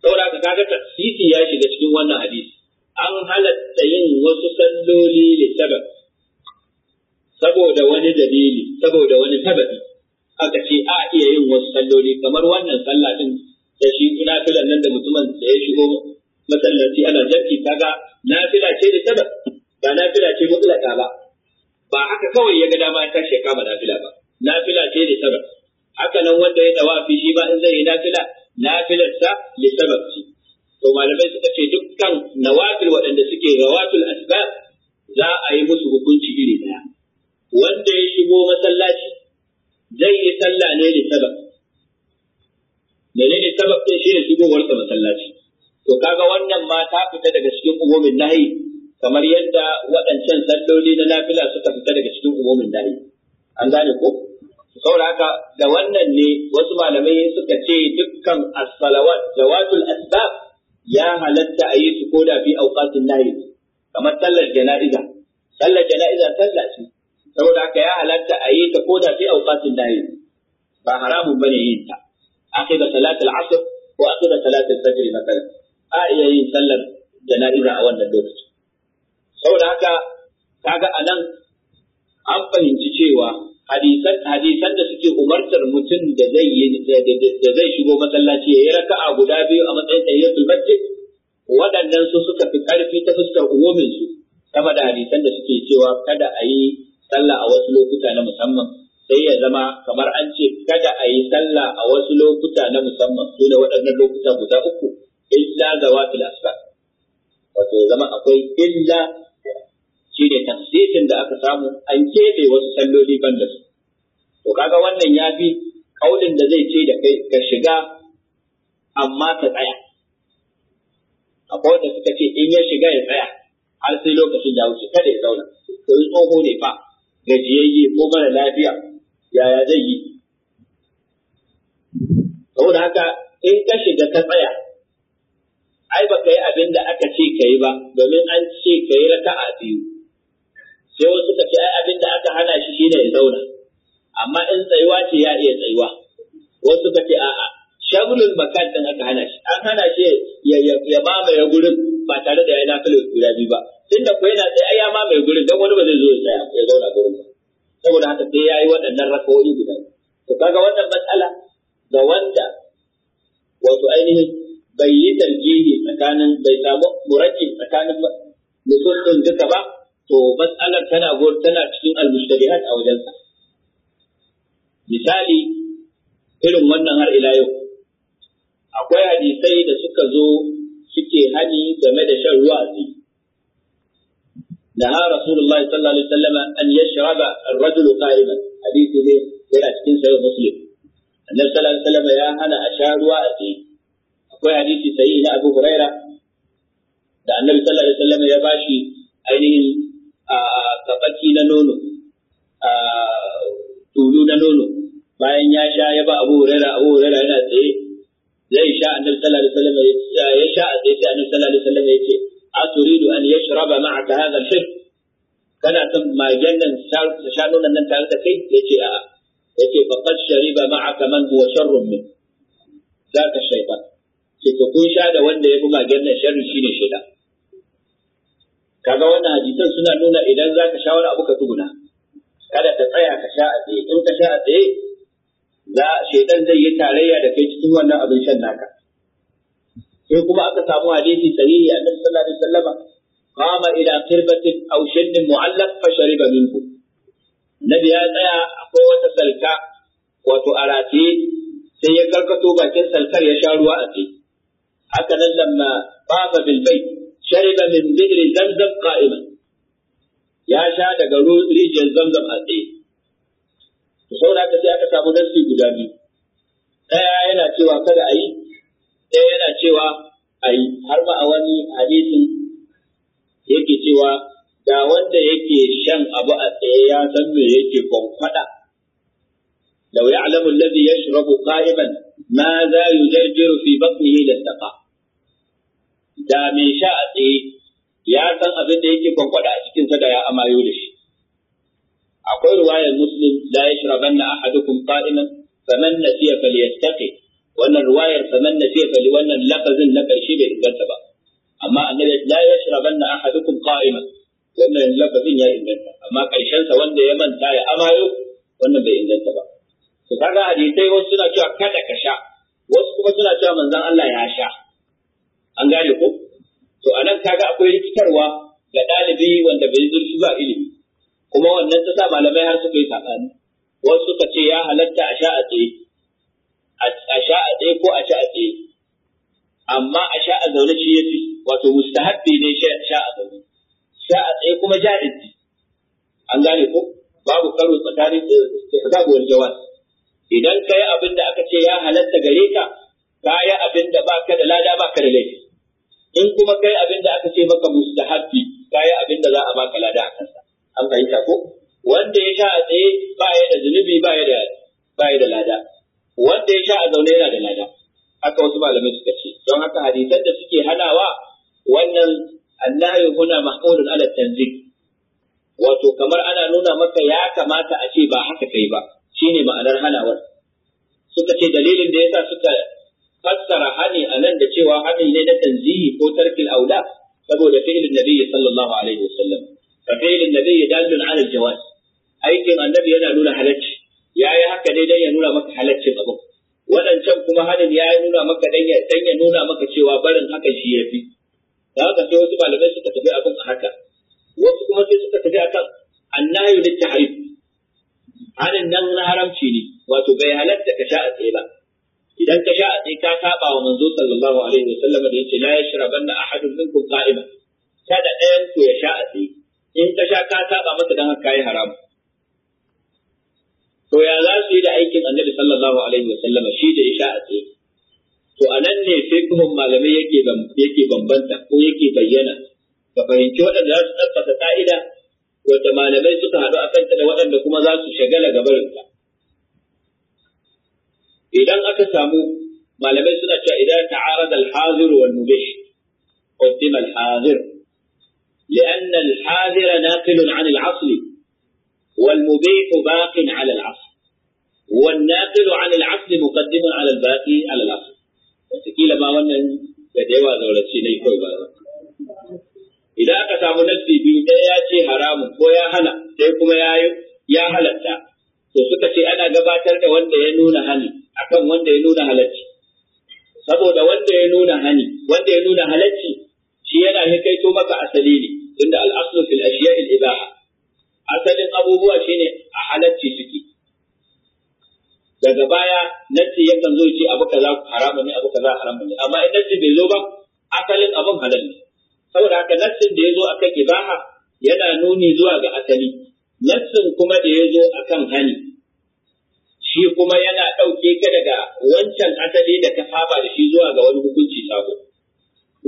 saboda kaga tafsiri ya shiga cikin wannan hadisi an halatta yin wasu salloli da sabab saboda wani dalili saboda wani sababi aka ce a iya yin wasu salloli kamar wannan sallah din da shi nafilan nan da mutumin da ya shigo masallaci ana jarki kaga nafila ce da sabab ba nafila ce mutlaka ba ba haka kawai ya ga dama ta shi kama nafila ba nafila ce da sabab haka nan wanda ya tawafi shi ba in zai yi nafila nafilar sa li sabab ce to malamai suka ce dukkan nawafil waɗanda suke rawatul asbab za a yi musu hukunci iri daya wanda ya shigo masallaci zai yi sallah ne da sabab menene sabab din shi ne shigowar sa masallaci to kaga wannan ma ta fita daga cikin umumin nahi kamar yadda waɗancan salloli na nafila suka fita daga cikin umumin nahi an gane ko saboda haka da wannan ne wasu malamai suka ce dukkan as-salawat zawatul asbab ya halatta a yi su koda fi auqatin nahi kamar sallar jana'iza sallar jana'iza sallah ce saboda haka ya halatta a yi ta koda sai auqatin nahi ba haramun bane yin ta akida salatul asr ko akida salatul fajr مثلا a iya yin sallar jana'iza a wannan lokaci saboda haka kaga anan an fahimci cewa hadisan hadisan da suke umartar mutum da zai yi da zai shigo masallaci ya yi raka'a guda biyu a matsayin tayyatul masjid waɗannan su suka fi ƙarfi ta fuskar umumin su sama da hadisan da suke cewa kada a yi sallah a wasu lokuta na musamman sai ya zama kamar an ce kada a yi sallah a wasu lokuta na musamman su ne waɗannan lokuta guda uku illa zawatul asfa wato zama akwai illa ne tafsirin da aka samu an keɓe wasu salloli ban da su to kaga wannan ya fi kaulin da zai ce da kai ka shiga amma ka tsaya akwai wanda suka ce in ya shiga ya tsaya har sai lokacin da wuce kada ya zauna to tsoho ne fa gajiyayye ko mara lafiya yaya zai yi saboda haka in ka shiga ka tsaya ai ba ka yi abin da aka ce ka yi ba domin an ce ka yi raka a biyu sai wasu ka ce ai abin da aka hana shi shine ya zauna amma in tsayuwa ce ya iya tsayuwa wasu ka ce a'a shagulun makan din aka hana shi an hana shi ya mamaye gurin ba tare da ya nafi guda biyu ba tunda ko yana sai ai ma mai gurin dan wani ba zai zo ya tsaya ya zauna gurin ba saboda haka sai yayi waɗannan rakawoyi guda to kaga wannan matsala ga wanda wato ainihin bai yi tarjihi tsakanin bai samu muraki tsakanin nususun duka ba to matsalar tana gor tana cikin almustabihat a wajensa misali irin wannan har ila yau akwai hadisai da suka zo suke hani game da shan ruwa a نهى رسول الله صلى الله عليه وسلم أن يشرب الرجل قائما حديث من أشكين سيد مسلم النبي صلى الله عليه وسلم يا هنا أشار وأتي أقول حديث سيدنا أبو هريرة da annabi sallallahu alaihi wasallam ya bashi ainihin kabaki na nono tulu na nono bayan ya sha ya ba abu huraira abu huraira yana tsaye zai sha sha a tsaye sai annabi ya ce aturidu an yashraba ma'aka hadha al-shirk kana son magen nan ta sha nonon nan tare da kai yace a'a yace faqad shariba ma'aka man huwa sharrun min zaka shaytan ce to kun sha wanda ya fi magen nan kaga wannan hadisan suna nuna idan zaka sha wani abu ka tuguna kada ka tsaya ka sha a tsaye in ka sha a tsaye za shaytan zai yi tarayya da kai cikin wannan abin shan naka sai kuma aka samu hadisi sahihi annabi sallallahu alaihi wasallam qama ila qirbatin aw shannin mu'allaq fa shariba minhu nabi ya tsaya akwai wata salka wato arati sai ya karkato bakin salkar ya sha ruwa a ce haka nan lamma bafa bil bait shariba min bi'r zamzam qa'iman ya sha daga rijiyar zamzam a tsaye to saboda haka sai aka samu nasi guda biyu ɗaya yana cewa kada a yi sai yana cewa a yi har ma a wani hadisin yake cewa da wanda yake shan abu a tsaye ya san me yake kwankwada لو يعلم الذي ƙa'iban قائما ماذا يجرجر في fi لاتقى da Da me sha a tsaye ya san abin da yake kwankwada a cikinsa da ya amayo da shi akwai ruwayar muslim la yashrabanna ahadukum qa'iman faman nasiya falyattaqi wannan ruwayar faman nasiya fali wannan lafazin na ƙarshe bai inganta ba amma annabi la yashrabanna ahadukum qa'iman wannan lafazin ya inganta amma ƙarshen sa wanda ya manta ya amayo wannan bai inganta ba to kaga hadisai wasu suna cewa kada ka sha wasu kuma suna cewa manzon Allah ya sha an gane ko to anan kaga akwai rikitarwa ga ɗalibi wanda bai zurfi ba ilimi kuma wannan ta sa malamai har suka yi saɓani wasu suka ce ya halatta a sha a tsaye a sha a ko a sha a tsaye amma a sha a zaune shi yafi wato mustahabbi ne sha a zaune sha a tsaye kuma jahilci an gane ko babu karo tsakanin istihbab eh, wal jawan. idan kai abin da aka ce ya halatta gare ka kaya abin da baka da lada baka da laifi in kuma kai abin da aka ce maka mustahabbi kaya abin da za a baka lada a kansa an fahimta ko wanda ya sha a tsaye ba ya da zunubi ba ya da ba ya da lada wanda ya sha a zaune yana da lada haka wasu malamai suka ce don haka hadisan da suke hanawa wannan Allah ya huna mahmudun ala tanzil wato kamar ana nuna maka ya kamata a ce ba haka kai ba shine ma'anar hanawar suka ce dalilin da yasa suka fassara hani a nan da cewa hani ne na tanzihi ko tarkil aula saboda fi'ilin nabiyyi sallallahu alaihi wasallam fa fi'ilin nabiyyi dalilun ala aljawaz aikin annabi yana nuna halacci yayi haka dai dan ya nuna maka halaccin waɗancan kuma hanin ya nuna maka dan ya nuna maka cewa barin haka shi ya fi da haka sai wasu malamai suka tafi abin a haka wasu kuma sai suka tafi akan annayu littahrif hanin nan na haramci ne wato bai halatta ka sha a tsaye ba idan ka sha a tsaye ka saba wa manzo sallallahu alaihi wasallam da yace la yashrabanna ahadun minkum qa'iman kada ɗayan ku ya sha a tsaye in ka sha ka saba masa dan haka yi haramu to ya za su yi da aikin annabi sallallahu alaihi wasallam shi da isha a tsaye to anan ne sai kuma malamai yake yake bambanta ko yake bayyana ka fahimci waɗanda za su tabbata ka'ida wanda malamai suka haɗu a kanta da waɗanda kuma za su shagala gabarinta idan aka samu malamai suna cewa idan ta'arad al-hazir wal mubish qaddim al-hazir لأن الحاذر ناقل عن العصر والمبيح باق على العصر والناقل عن العصر مقدم على الباقي على العصر wataƙila ma wannan da da yawa zaurace ne ba idan aka samu nafsi biyu ɗaya ya ce haramun ko ya hana sai kuma ya ya halatta to suka ce ana gabatar da wanda ya nuna hani akan wanda ya nuna halacci saboda wanda ya nuna hani wanda ya nuna halacci shi yana hikaito maka asali ne tunda al-aslu fil ashiya al-ibaha asalin abubuwa shine a halarci suke daga baya nace yakan zo ce abu kaza haramun ne abu kaza haramun ne amma in nace bai zo ba asalin abun halal ne saboda haka nace da ya zo akan ibaha yana nuni zuwa ga asali nassin kuma da ya zo akan hani shi kuma yana ɗauke ka daga wancan asali da ka saba da shi zuwa ga wani hukunci sabo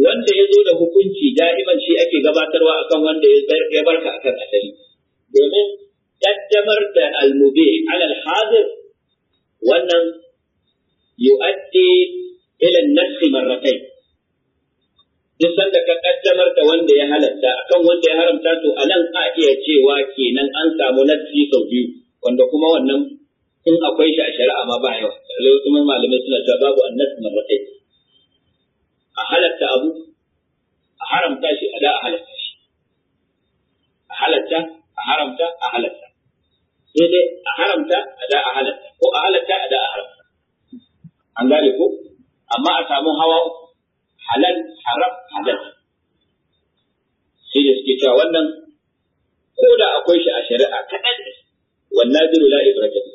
wanda ya zo da hukunci da'iman shi ake gabatarwa akan wanda ya barka akan asali domin ƙaddamar da almubi alal hazir wannan yu'addi ila nafsi marratai duk sanda ka ƙaddamar da wanda ya halatta akan wanda ya haramta to anan a iya cewa kenan an samu nafsi sau biyu wanda kuma wannan in akwai shi a shari'a ma ba yawa sai kuma malamai suna cewa babu annas marratai a halatta abu a haramta shi a da a halatta shi a halatta a haramta a halatta sai dai a haramta a da a halatta ko a halatta a da a haramta an gane ko amma a samu hawa halal haram halal sai da suke cewa wannan ko da akwai shi a shari'a kaɗan ne wannan zai la ibrahim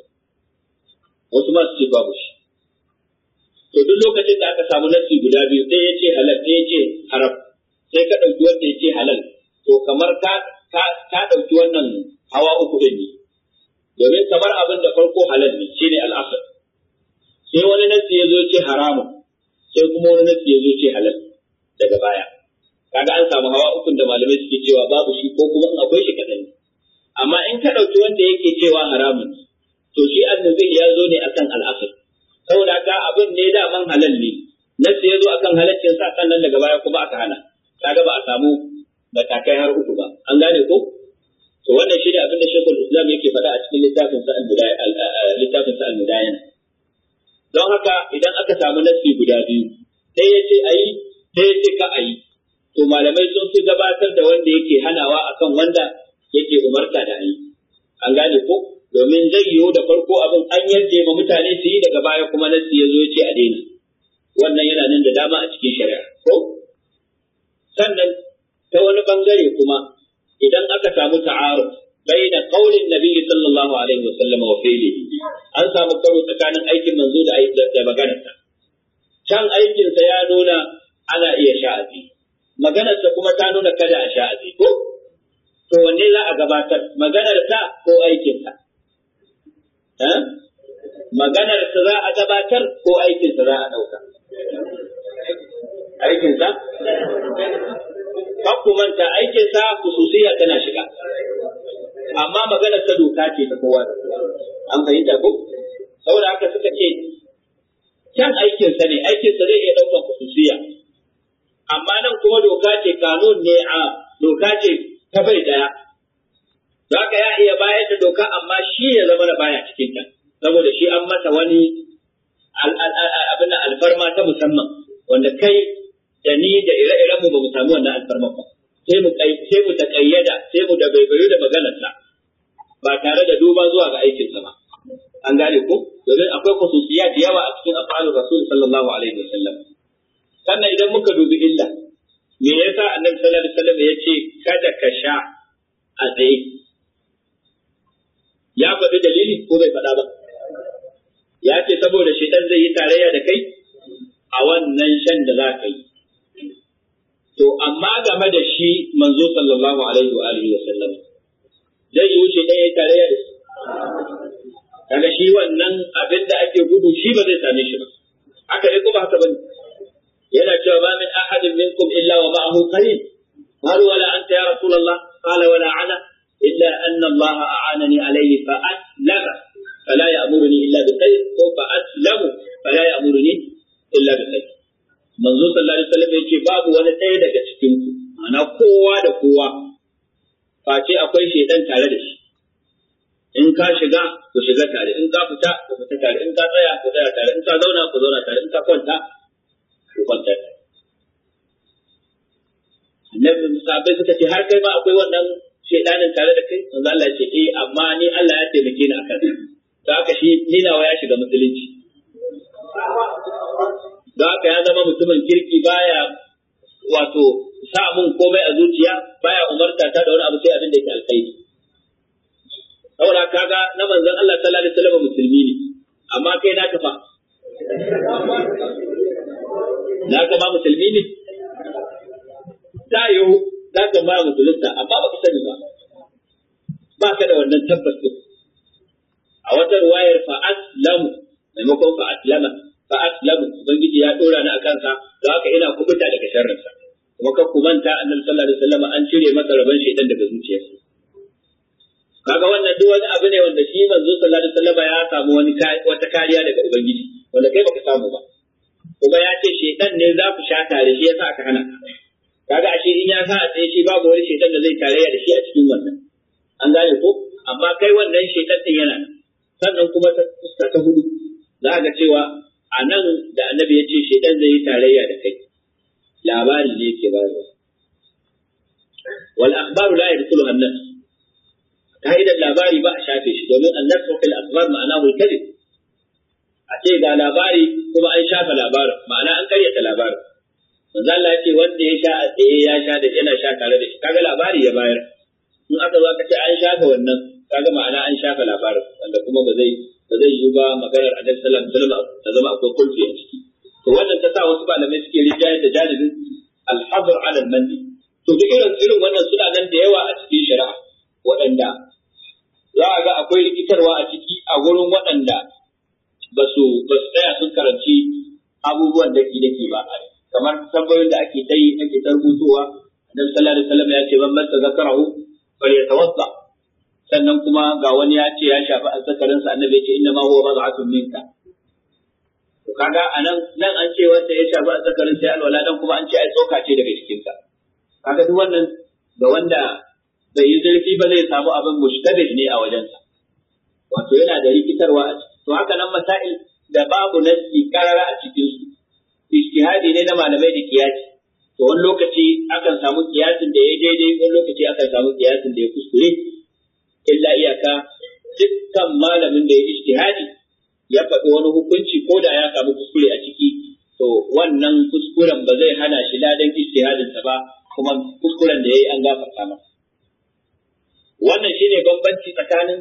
wasu ma su ce babu shi to duk lokacin da aka samu nasi guda biyu ɗaya ce halal ɗaya ce haram sai ka ɗauki wanda ya ce halal to kamar ka ta ɗauki wannan hawa uku ɗin ne domin kamar abin da farko halal ne shine al'asar sai wani nasi ya zo ce haramun sai kuma wani nasi ya zo ce halal daga baya kaga an samu hawa ukun da malamai suke cewa babu shi ko kuma in akwai shi kaɗan ne amma in ka ɗauki wanda yake cewa haramun to shi annabi ya zo ne akan al'asar saboda ka abin ne daman halal ne nasi ya zo akan halaccin sa sannan daga baya kuma aka hana kaga ba a samu matakai har uku an gane ko to wannan shi ne abin da shekul islam yake faɗa a cikin littafin sa littafin sa al don haka idan aka samu nasi guda biyu sai ya ce ayi sai ya ce ka ayi to malamai sun fi gabatar da wanda yake hanawa akan wanda yake umarta da ayi an gane ko domin zai yiwu da farko abin an yarje ma mutane su yi daga baya kuma nasi ya zo ya ce a daina wannan yana nan da dama a cikin shari'a ko sannan ta wani bangare kuma idan aka samu ta'aruf baina qaulin nabi sallallahu alaihi wasallam wa fili an samu karo tsakanin aikin manzo da da maganarsa can aikinsa ya nuna ana iya sha'azi maganarsa kuma ta nuna kada a sha'azi ko to wanne za a gabatar maganarsa ko aikinsa eh? maganarsa za a gabatar ko aikinsa za a ɗauka aikinsa kan ku manta aikin sa khususiyya tana shiga amma magana ta doka ce ta kowa an fahimta ko saboda haka suka ce can aikin sa ne aikin sa zai iya ɗaukar khususiyya amma nan kuma doka ce kanun ne a doka ce ta bai daya za ya iya bayar da doka amma shi ya zama da baya cikin ta saboda shi an masa wani abin alfarma ta musamman wanda kai da ni da ire-iren mu ba mu samu wannan alfarma ba sai mu sai mu kayyada sai mu da baibayu da maganar ba tare da duba zuwa ga aikin sa ba an gane ko domin akwai khususiyya da yawa a cikin afalu rasul sallallahu alaihi wasallam sannan idan muka dubi illa me yasa annabi sallallahu alaihi wasallam yace kada ka sha a tsaye ya faɗi dalili ko bai faɗa ba ya ce saboda shaitan zai yi tarayya da kai a wannan shan da za ka yi to amma game da shi manzo sallallahu alaihi wa wa sallam zai yi wuce ɗaya tare da shi kaga shi wannan abin da ake gudu shi ba zai same shi ba haka ne kuma haka bane yana cewa ba min ahadin minkum illa wa ma'ahu qarin qalu wala anta ya rasulullah qala wala ana illa anna allah a'anani alayhi fa aslama fala ya'muruni illa bi khair ko fa aslamu fala ya'muruni illa bi khair manzo sallallahu alaihi wasallam yake babu wani ɗaya daga cikin ku ana kowa da kowa face akwai shedan tare da shi in ka shiga ku shiga tare in ka fita ku fita tare in ka tsaya ku tsaya tare in ka zauna ku zauna tare in ka kwanta ku kwanta tare annabi musabai suka ce har kai ma akwai wannan shedanin tare da kai manzo Allah ya ce eh amma ni Allah ya taimake ni akan ta haka shi ni nawa ya shiga musulunci zama mutumin kirki baya wato sa mun komai a zuciya baya umarta ta da wani abu sai abin da yake alkhairi saboda kaga na manzon Allah sallallahu alaihi wasallam musulmi ne amma kai na kafa na kama musulmi ne ta yiwu za ka ma musulunta amma ba ka sani ba ba ka da wannan tabbas a wata ruwayar fa'aslamu maimakon fa'aslama fa aslamu ubangiji ya dora ni akan sa don haka ina kubuta daga sharrin sa kuma ka kumanta annabi sallallahu alaihi wasallam an cire masa rabon shaytan daga zuciyarsa kaga wannan duk wani abu ne wanda shi manzo sallallahu alaihi wasallam ya samu wani wata kariya daga ubangiji wanda kai baka samu ba kuma ya ce shaytan ne za ku sha tare shi yasa aka hana kaga ashe in ya sa a tsaye shi babu wani shaitan da zai tare da shi a cikin wannan an gane ko amma kai wannan shaitan din yana sannan kuma ta fuska ta hudu za ga cewa a nan da annabi ya ce shi dan zai yi tarayya da kai labari ne yake bayarwa wal akhbaru la yadkhulu an nas ka'idar labari ba a shafe shi domin an nasu fil akhbar ma'ana hu kadhib a ce ga labari kuma an shafa labarin ma'ana an karyata labarin manzo Allah ya ce wanda ya sha a tsaye ya sha da yana sha tare da shi kaga labari ya bayar in aka zo aka ce an shafa wannan kaga ma'ana an shafa labarin wanda kuma ba zai ba zai yi ba maganar annabi Salam alaihi ta zama akwai kulfi a ciki to wannan ta sa wasu malamai suke rijayar da janibin al-hadr ala mandi to duk irin irin wannan suna nan da yawa a cikin shari'a waɗanda za a ga akwai rikitarwa a ciki a gurin waɗanda ba su ba su tsaya sun karanci abubuwan da ke dake ba kamar tambayoyin da ake ta yi ake ta rubutowa annabi sallallahu alaihi wasallam ya ce man masa zakarahu falyatawadda sannan kuma ga wani ya ce ya shafi azzakarinsa annabi ya ce inna ma huwa bad'atun minka to kaga anan nan an ce wanda ya shafi azzakarin sai alwala dan kuma an ce ai tsoka ce daga cikin sa kaga duk wannan ga wanda bai yi zurfi ba zai samu abin mushtabih ne a wajensa wato yana da rikitarwa a ciki to haka nan masail da babu nasi karara a cikin su ijtihadi ne na malamai da kiyasi to wani lokaci akan samu kiyasin da ya daidai wani lokaci akan samu kiyasin da ya kuskure illa iyaka dukkan malamin da ya ijtihadi ya faɗi wani hukunci ko da ya samu kuskure a ciki to wannan kuskuren ba zai hana shi ladan ijtihadinsa ba kuma kuskuren da ya yi an gafarta ba. wannan shine bambanci tsakanin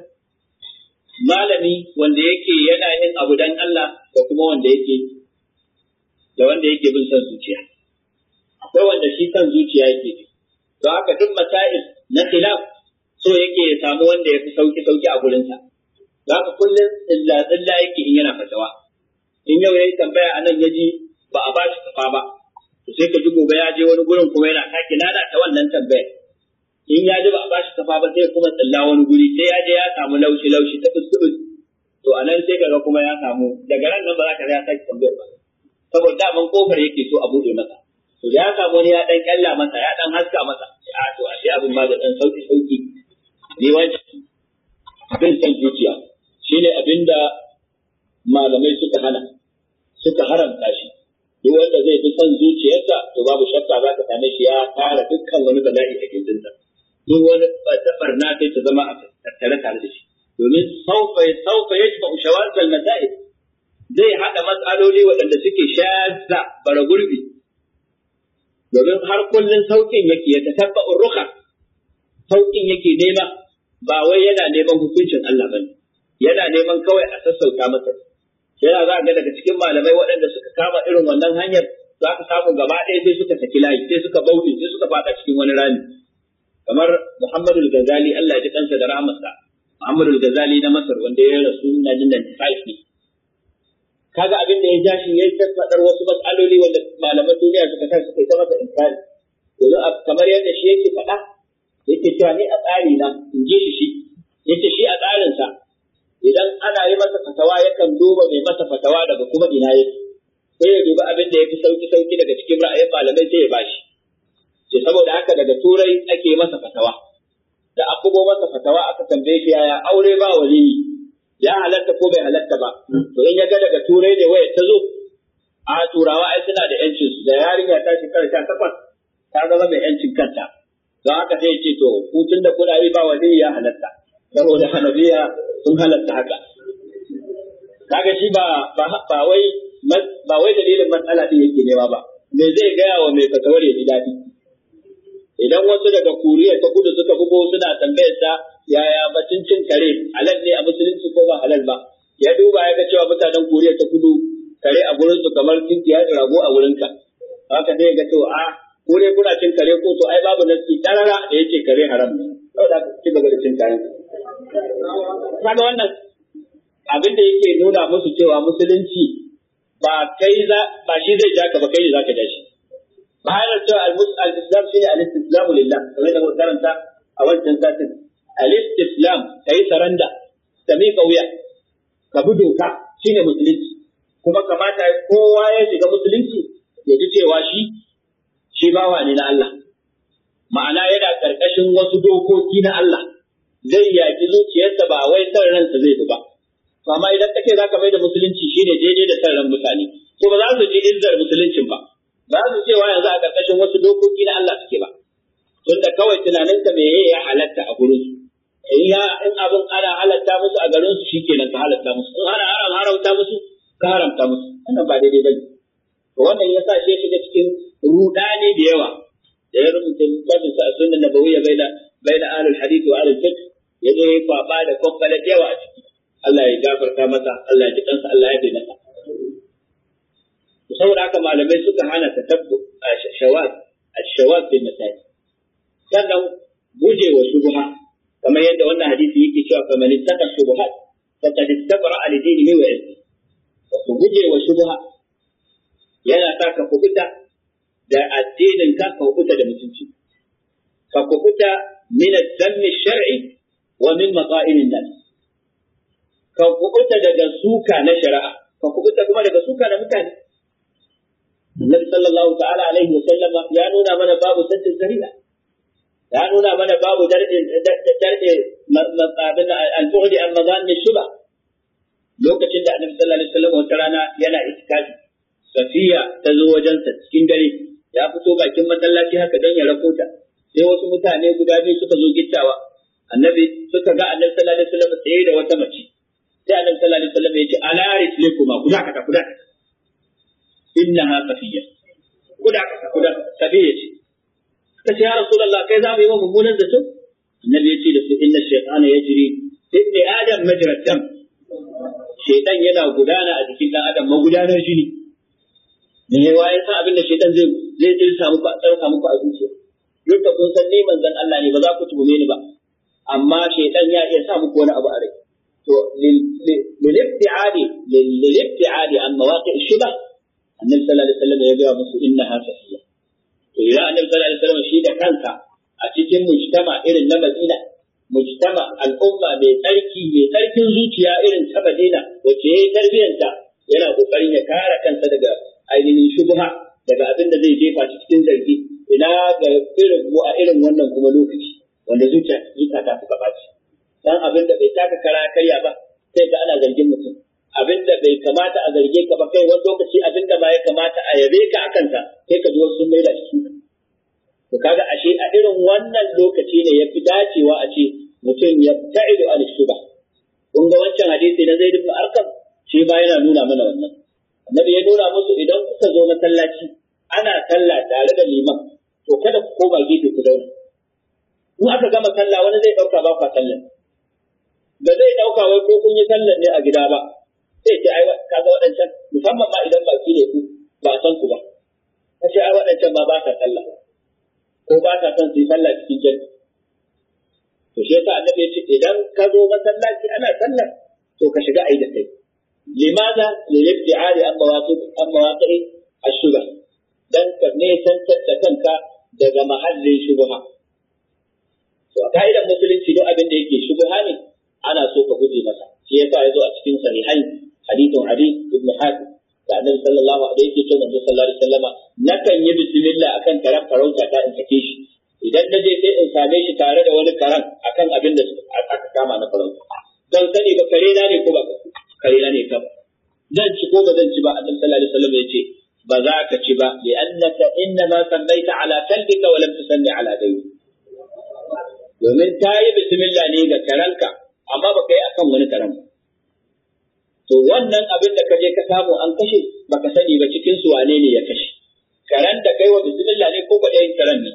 malami wanda yake yana yin abu dan Allah da kuma wanda yake da wanda yake bin son zuciya akwai wanda shi son zuciya yake to haka duk masail na khilaf so yake ya samu wanda ya fi sauki sauki a gurinsa za ka kullum tsilla tsilla yake in yana fatawa in yau ya yi tambaya a nan ya ji ba a ba shi kafa ba sai ka ji gobe ya je wani gurin kuma yana sake lalata wannan tambayar in ya ji ba a ba shi kafa ba sai kuma tsilla wani guri sai ya je ya samu laushi laushi ta tubus to a nan sai kaga kuma ya samu daga ran nan ba za ka ya sake tambayar ba saboda daman kofar yake so a buɗe masa to ya samu wani ya dan kyalla masa ya dan haska masa a to ashe abin ma da dan sauki sauki riwaji bin san zuciya shine abinda malamai suka hana suka haramta shi duk wanda zai fi san zuciyarsa to babu shakka za ka same shi ya tara dukkan wani bala'i a gindinsa duk wani na kai ta zama a tattare tare da shi domin saufa saufa yajma'u shawazal masail zai haɗa matsaloli waɗanda suke shazza bara gurbi domin har kullum sauƙin yake ya tasabba urruka sauƙin yake nema ba wai yana neman hukuncin Allah ba yana neman kawai a sassauta masa yana za ga daga cikin malamai waɗanda suka kama irin wannan hanyar za ka samu gaba ɗaya sai suka saki layi sai suka bauɗe sai suka faɗa cikin wani rami kamar Muhammadu al-Ghazali Allah ya ji kansa da rahmatsa Muhammadu al-Ghazali na Masar wanda ya rasu na jin 95 ne kaga abin da ya ja shi ya fadar wasu mas'aloli wanda malaman duniya suka kai suka yi ta masa inkari yanzu kamar yadda shi yake faɗa yake cewa ni a tsari na in ji shi shi yake shi a tsarinsa idan ana yi masa fatawa yakan duba mai masa fatawa daga kuma ina yake sai ya duba abin da ya fi sauki sauki daga cikin ra'ayin malamai sai ya bashi shi saboda haka daga turai ake masa fatawa da an bugo masa fatawa aka tambaye shi yaya aure ba waliyi ya halatta ko bai halatta ba to in ya ga daga turai ne waya ta zo a turawa ai suna da yancin su da yarinya ta shekara 18 ta zama mai yancin kanta don haka sai ce to hutun da kuɗaɗe ba wani ya halatta saboda hanabiya sun halatta haka kaga shi ba ba wai ba wai dalilin matsala din yake ne ba me zai gaya wa mai fatawar ya ji daɗi idan wasu daga kuriya ta kudu suka bugo suna tambayar ta yaya batun cin kare halal ne a musulunci ko ba halal ba ya duba ya ga cewa mutanen kuriya ta kudu kare a gurin su kamar tinkiya da rago a wurinka haka dai ga to a ah, ko dai kuna cin kare ko to ai babu nasi tarara da yake kare haram ne saboda ki gaba da cin kare kaga wannan abin da yake nuna musu cewa musulunci ba kai za ba shi zai ja ka ba kai za ka ja shi bayan cewa al-islam shine al-istislam lillah kamar da muka karanta a wancan satin al-istislam kai saranda da miƙa wuya ka bi doka shine musulunci kuma kamata kowa ya shiga musulunci ya ji cewa shi shi bawa ne na Allah ma'ana yana karkashin wasu dokoki na Allah zai yaƙi zuciyarsa ba wai san ransa zai bi ba to amma idan kake zaka mai da musulunci shine daidai da san ran mutane to ba za su ji izzar musuluncin ba ba za su ce yanzu a karkashin wasu dokoki na Allah suke ba tunda kawai tunaninka me ya halatta a gurin ya in abin ana halatta musu a garin su shikenan ka halatta musu in ana haram haramta musu ka haramta musu wannan ba daidai ba to wannan yasa shi shiga cikin rudani da yawa da ya rubuta littafin sa sunan nabawiyya baina baina ahlul hadith wa ahlul fiqh yazo ya kwaba da kokkala da yawa a ciki Allah ya gafarta masa Allah ya ji kansa Allah ya daina masa saboda haka malamai suka hana tatabbu shawaz الشواذ في المساجد sannan guje wa shubha kamar yadda wannan hadisi yake cewa fa man ittaqa shubuhat faqad istabra al dinihi wa irdi to guje wa shubha yana sa ka kubuta da addinin ka ka kubuta da mutunci ka kubuta min ad-dammi shar'i wa min maqa'imin nas ka kubuta daga suka na shari'a ka kubuta kuma daga suka na mutane Annabi sallallahu ta'ala alaihi wa sallama ya nuna mana babu sattin zari'a ya nuna mana babu darɗe abin al-bu'di an mazanni shuba lokacin da Annabi sallallahu alaihi wa sallam, wata rana yana itikafi Safiya ta zo wajensa cikin dare ya fito bakin masallaci haka don ya rakota sai wasu mutane guda biyu suka zo gittawa annabi suka ga annabi sallallahu alaihi wasallam tsaye da wata mace sai annabi sallallahu alaihi wasallam ya ce ala rislikuma kuda ka Inna ha safiya 'Guda ka kuda safiya ce suka ce ya rasulullah kai za mu yi wa mummunan zato annabi ya ce da su inna ya yajri ibn adam majra dam shaytan yana gudana a jikin dan adam magudanar jini yayi waye san abin da shaytan zai zai dirsa muku a tsarka muku a zuciya duk da kun san ni manzon Allah ne ba za ku tume ni ba amma shaytan ya iya sa muku wani abu a rai to للابتعاد للابتعاد عن مواقع الشبه النبي صلى الله عليه وسلم يقول musu innaha sahiya to idan annabi sallallahu alaihi wasallam shi da kansa a cikin mujtama irin na Madina mujtama al'umma mai tsarki mai tsarkin zuciya irin ta Madina wacce yayi tarbiyanta yana kokarin ya kare kansa daga ainihin shubha daga abin da zai jefa shi cikin zargi ina ga irin a irin wannan kuma lokaci wanda zuciya ta suka ɓaci dan abin da bai taka kara karya ba sai ga ana zargin mutum abin da bai kamata a zarge ka ba kai wani lokaci abin da ba ya kamata a yabe ka a kanta sai ka ji wasu sun maida da shi to kaga ashe a irin wannan lokaci ne fi dacewa a ce mutum ya ta'idu al-shubha kun ga wancan hadisi na zai ibn Arqam shi ba yana nuna mana wannan annabi ya nuna musu idan kuka zo masallaci ana sallah tare da liman to kada ku koma gefe ku dauki in aka gama sallah wani zai dauka ba ku sallah ba zai dauka wai ko kun yi sallah ne a gida ba sai ce ai kaga waɗancan musamman ma idan baki ne ku ba san ku ba ce ai waɗancan ma ba ka sallah ko ba ka son su yi sallah cikin jami'i to shi yasa annabi ya ce idan ka zo masallaci ana sallah to ka shiga ayi da kai limaza lilibti'ari an mawaƙi ashuba dan ka nesantar سنتك kanka daga محل shubha to a ka'idar musulunci duk abin da yake shubha ne ana so ka guje masa shi yasa yazo a cikin sahihai hadithun ali ibn hatim da annabi sallallahu alaihi wa sallam. manzo sallallahu alaihi wasallama nakan yi bismillah akan karan farauta ta in take shi idan na je sai in same shi tare da wani karan akan abin da aka kama na farauta dan sani ba kare na ne ko ba karya ne ka zan ci ko ba zan ci ba annabi sallallahu alaihi wasallam ya ce ba za ka ci ba li'annaka innama sallaita ala kalbika wa lam tusalli ala ghayri domin ta yi bismillah ne ga karanka amma ba kai akan wani karan ba to wannan abin da ka je ka samu an kashe baka sani ba cikin su wane ne ya kashe karan da kai wa bismillah ne ko kwadayin karan ne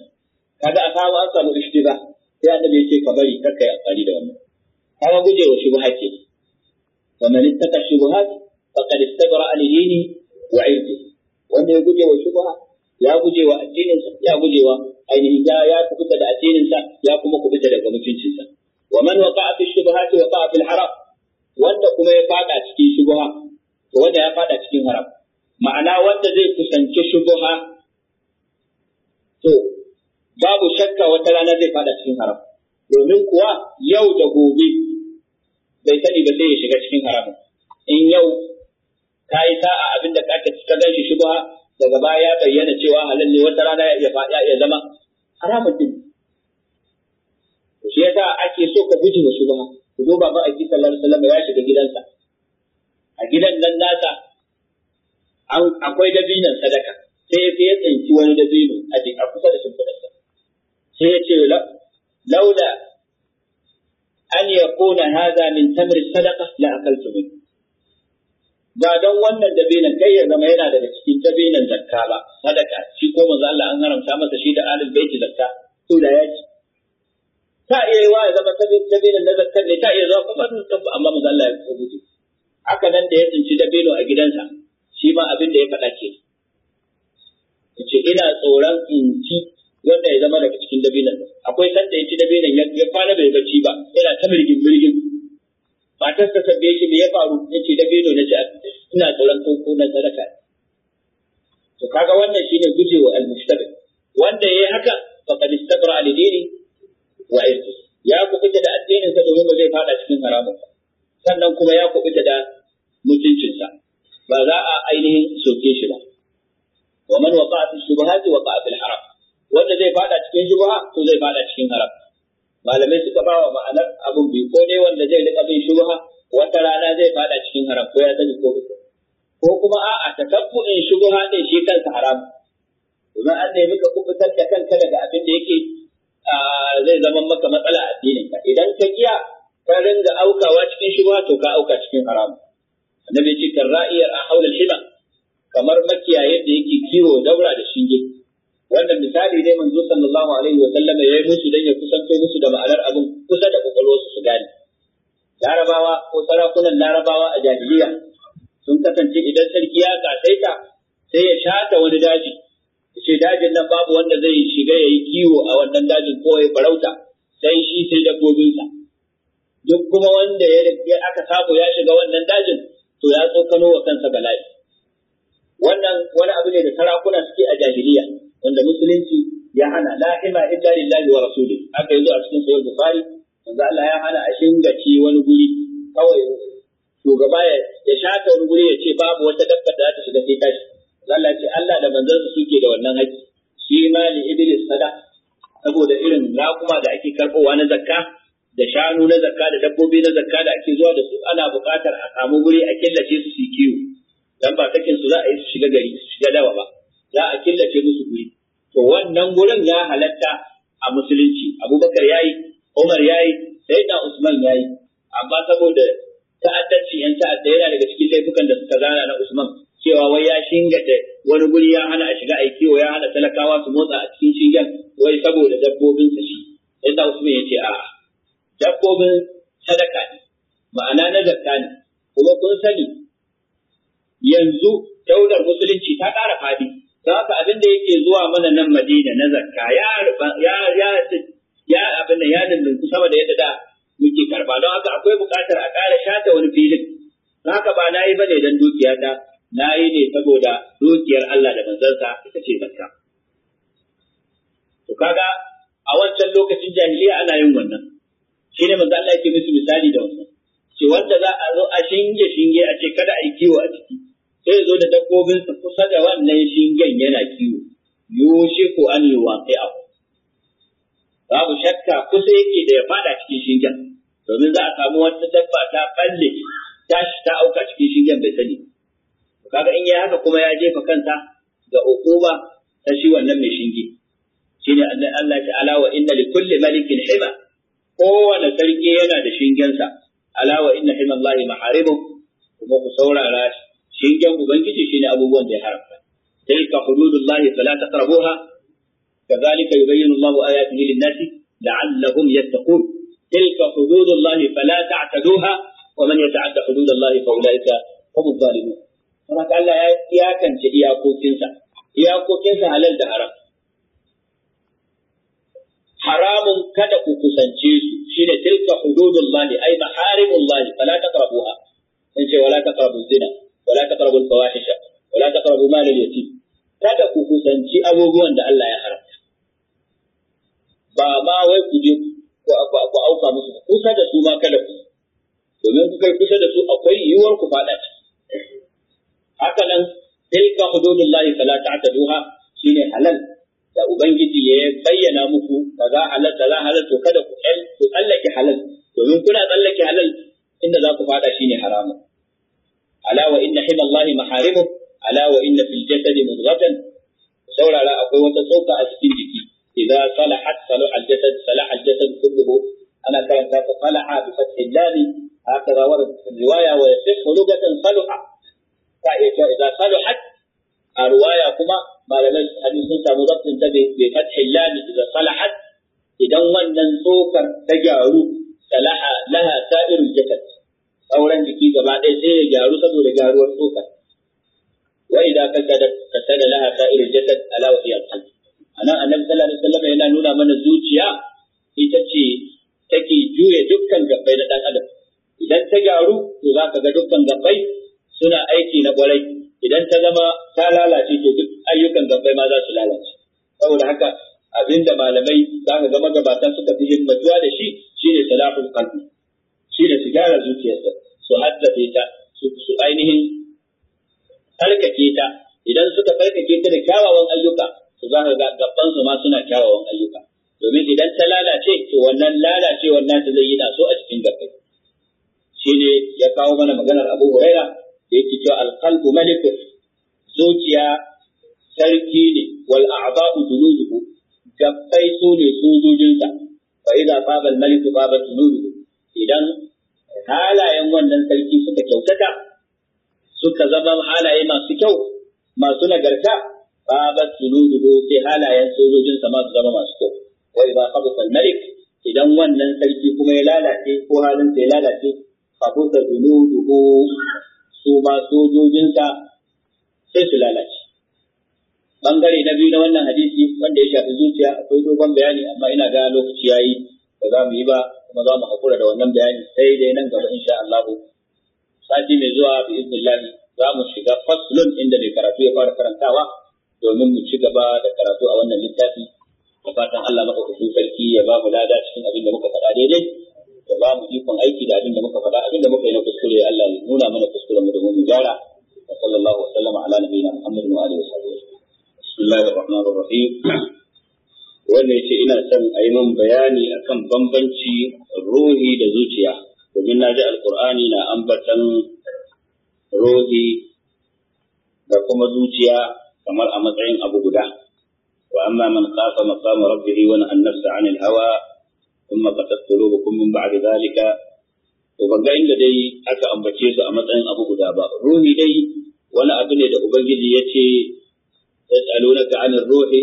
kaga a samu an samu ishtiba sai annabi ya ce ka bari kar kai amfani da wannan kaga guje wa shubha kenan فمن اتقى الشبهات فقد استبرأ لدينه وعرضه wanda ya guje wa shubha ya guje wa addininsa ya guje wa ainihin ya kubuta da addininsa ya kuma kubuta daga mutuncinsa wa man waqa'a fi shubhati waqa'a fil haram wanda kuma ya fada cikin shubha to wanda ya fada cikin haram ma'ana wanda zai kusanci shubha to babu shakka wata rana zai fada cikin haram domin kuwa yau da gobe bai sani ba sai ya shiga cikin haramun in yau ta yi sa'a abin da ka gan shi shubha daga baya ya bayyana cewa halin ne wata rana ya iya zama haramun din shi yasa ake so ka guje wa shubha ku zo ba a kisa sallallahu alaihi ya shiga gidansa a gidan nan nasa akwai dabinan sadaka sai ya tsinci wani dabino a kusa da shimfiɗarsa sai ya ce laula an yakuna hadha min tamri sadaqa la akaltu min ba don wannan dabinan kai ya zama yana daga cikin dabinan zakka ba sadaka shi ko manzo Allah an haramta masa shi da alil baiti zakka to da ya ci ta iya yi wa ya zama dabinan na zakka ne ta iya zama kuma zakka amma manzo Allah ya rubuce haka nan da ya tsinci dabino a gidansa shi ma abin da ya faɗa ke ce ina tsoron in ci wannan ya zama daga cikin dabinan akwai sanda ya ci dabinan ya fara bai bacci ba yana ta mirgin mirgin matar ta sabbe shi me ya faru ya ce dabino na jihar ina tsoron koko na sadaka to kaga wannan shine gujewa al-mustabi wanda yayi haka faqad istabra li dini wa irdi ya kubuta da addinin sa domin ba zai fada cikin haramun sannan kuma ya kubuta da mutuncinsa ba za a ainihin soke shi ba wa man waqa'a fi shubuhati waqa'a fil haram wanda zai fada cikin shubha to zai fada cikin haram malamai suka ba wa ma'anar abin biyu ko dai wanda zai rika bin shubha wata rana zai fada cikin haram ko ya sani ko ko kuma a'a in shubha din shi kansa haram kuma an nemi ka kubutar da kanka daga abin da yake zai zama maka matsala a ka? idan ka kiya ka ringa aukawa cikin shubha to ka auka cikin haram annabi ce kan ra'iyar a haulal hima kamar makiyayin da yake kiwo daura da shinge wannan misali ne manzo sallallahu alaihi wa sallama yayi musu dan ya kusanto musu da ma'anar abin kusa da kokolwarsu su gane larabawa ko sarakunan larabawa a jahiliya sun kasance idan sarki ya kasaita sai ya shata wani daji ce dajin nan babu wanda zai shiga ya yi kiwo a wannan dajin ko ya farauta sai shi sai dabbobinsa duk kuma wanda ya aka samu ya shiga wannan dajin to ya tsokano wa kansa bala'i wannan wani abu ne da sarakuna suke a jahiliya wanda musulunci ya hana la ila illa lillahi wa rasuli aka yi a cikin sahih bukhari manzo Allah ya hana a shingace wani guri kawai shugaba ya shata wani guri ya ce babu wata dabba da za ta shiga sai tashi Allah ce Allah da manzansa suke da wannan haƙƙi shi ma li iblis sada saboda irin kuma da ake karɓowa na zakka da shanu na zakka da dabbobi na zakka da ake zuwa da su ana buƙatar a samu guri a killace su su kiwo dan ba sakin su za a yi su shiga gari su shiga dawa ba za a killace musu guri to wannan gurin ya halatta a musulunci abubakar ya yi, umar yayi sai da usman ya yi. amma saboda ta'addanci yan ta'adda yana daga cikin laifukan da suka zana na usman cewa wai ya shingata wani guri ya hana a shiga aiki wa ya hana talakawa su motsa a cikin shingen wai saboda dabbobin su shi sai da usman ya ce a dabbobin sadaka ne ma'ana na zakka ne kuma kun sani yanzu daular musulunci ta ƙara fadi haka abin da yake zuwa mana nan madina na zakka ya ya ya ya abin da ya dindinku sama da yadda da muke karba don haka akwai buƙatar a ƙara shata wani filin don haka ba na yi ba ne don dukiya ta na yi ne saboda dukiyar Allah da manzansa ita ce zakka to kaga a wancan lokacin jahiliya ana yin wannan shine manzo Allah yake musu misali da wannan ce wanda za a zo a shinge shinge a ce kada a yi kiwo a ciki sai zo da sa kusa da wannan shingen yana kiwo yushiku an yuwaqi'ahu babu shakka kusa yake da ya fada cikin shingen domin za a samu wata dabba ta balle ta ta auka cikin shingen bai sani kaga in yayi haka kuma ya jefa kanta ga ukuba ta shi wannan mai shinge shine Allah ta'ala wa inna li kulli malikin hiba kowane sarki yana da shingensa ala wa inna Allah maharibu kuma ku saurara Shin shingen ubangiji shine abubuwan da ya haramta tilka hududullahi fala taqrabuha kadhalika yubayyinu Allahu ayatihi lin-nasi la'allahum yattaqun tilka hududullahi fala ta'taduha wa man yata'adda hududallahi fa ulaika hum adh-dhalimun kuma Allah ya iyakance iyakokinsa iyakokinsa halal da haram haramun kada ku kusance su shine tilka hududullahi ay maharimullahi fala taqrabuha in ce wala taqrabu zina wala taqrabu al-fawahisha wala taqrabu mal al-yatim kada ku kusanci abubuwan da Allah ya haramta ba ma wai ku je ku ku auka musu kusa da su ma kada ku domin ku kai kusa da su akwai yiwuwar ku fada ci haka nan tilka hududullahi fala ta'taduha shine halal da ubangiji ya bayyana muku kaza halal kaza halal to kada ku ku tsallake halal domin kuna tsallake halal inda za ku fada shine haramun ألا وإن حمى الله محارمه ألا وإن في الجسد مضغة سورة لا أقوى وتصوت أسفلك إذا صلحت صلح الجسد صلح الجسد كله أنا كانت صلح بفتح اللام هكذا ورد في الرواية ويصح لغة صلح فإذا صلحت الرواية كما ما لمس حديث سامو ضبط بفتح اللام إذا صلحت إذا من سوكر تجارو صلح لها سائر الجسد أولا gaba ɗaya sai ya gyaru saboda gyaruwar tsoka wa idan idza kasadat kasada laha sa'ir jasad ala wa hiya anan annabi sallallahu alaihi wasallam yana nuna mana zuciya ita ce take juya dukkan gabbai na dan adam idan ta gyaru to za ka ga dukkan gabbai suna aiki na kwarai idan ta zama ta lalace to duk ayyukan gabbai ma za su lalace saboda haka abinda malamai za ka ga magabata suka fi himmatuwa da shi shine salahul qalbi Shi su sigara zuciya tsarkace ta su ainihin tsarkake ta idan suka tsarkake ta da kyawawan ayyuka su za ka ga gaban su ma suna kyawawan ayyuka domin idan ta lalace to wannan lalacewar nata zai yi so a cikin Shi shine ya kawo mana maganar Abu Huraira da yake cewa al-qalbu malikun zuciya sarki ne wal a'da'u junuduhu gabbai su ne sojojinsa fa idza faba al malik faba junuduhu kyau masu nagarta ba ba ko sai halayen sojojinsa ma su zama masu kyau wai ba qabta al idan wannan sarki kuma ya lalace ko halin sa ya lalace qabta junuduhu su ma sojojinsa sai su lalace bangare na biyu na wannan hadisi wanda ya shafi zuciya akwai dogon bayani amma ina ga lokaci yayi ba za mu yi ba kuma za mu haƙura da wannan bayani sai dai nan gaba insha Allah sati mai zuwa bi iznillahi za mu shiga faslun inda mai karatu ya fara karantawa domin mu ci gaba da karatu a wannan littafi da fatan Allah maɗaukakin sarki ya ba mu lada cikin abin da muka faɗa daidai ya ba mu ikon aiki da abin da muka faɗa abin da muka yi na kuskure Allah ya nuna mana kuskuren mu domin mu gyara wa sallallahu wa sallama ala nabiyina Muhammadin wa alihi wa sahbihi bismillahir rahmanir rahim yace ina son a yi min bayani akan bambanci ruhi da zuciya domin na ji alqur'ani na ambatan roƙi da kuma zuciya kamar a matsayin abu guda wa amma man qafa maqama rabbihi wa an nafsa al hawa thumma qatat qulubukum min ba'd dhalika to banga inda dai aka ambace su a matsayin abu guda ba ruhi dai wani abu ne da ubangiji yace yas'alunaka ar ruhi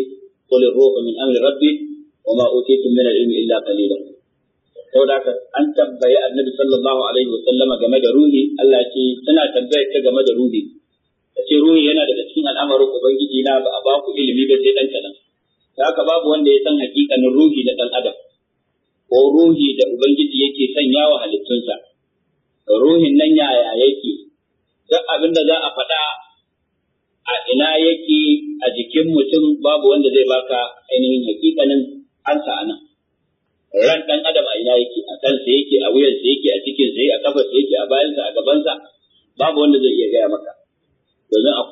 qul ar-ruhu min amri rabbi wa ma utitum min al-ilmi illa qalilan saboda an tambayi annabi sallallahu alaihi wa sallama game da ruhi Allah ce suna tambayar ta game da ruhi ce ruhi yana daga cikin al'amarin ubangiji na ba a ba ku ilimi ba sai dan kadan haka babu wanda ya san hakikanin ruhi da dan adam ko ruhi da ubangiji yake sanya wa halittunsa ruhin nan yaya yake duk abin da za a faɗa a ina yake a jikin mutum babu wanda zai baka ainihin hakikanin ansa anan ran dan adam a ina yake a kansa yake a wuyansa yake a cikin sa a kafarsa yake a bayansa a gabansa babu wanda zai iya gaya maka domin a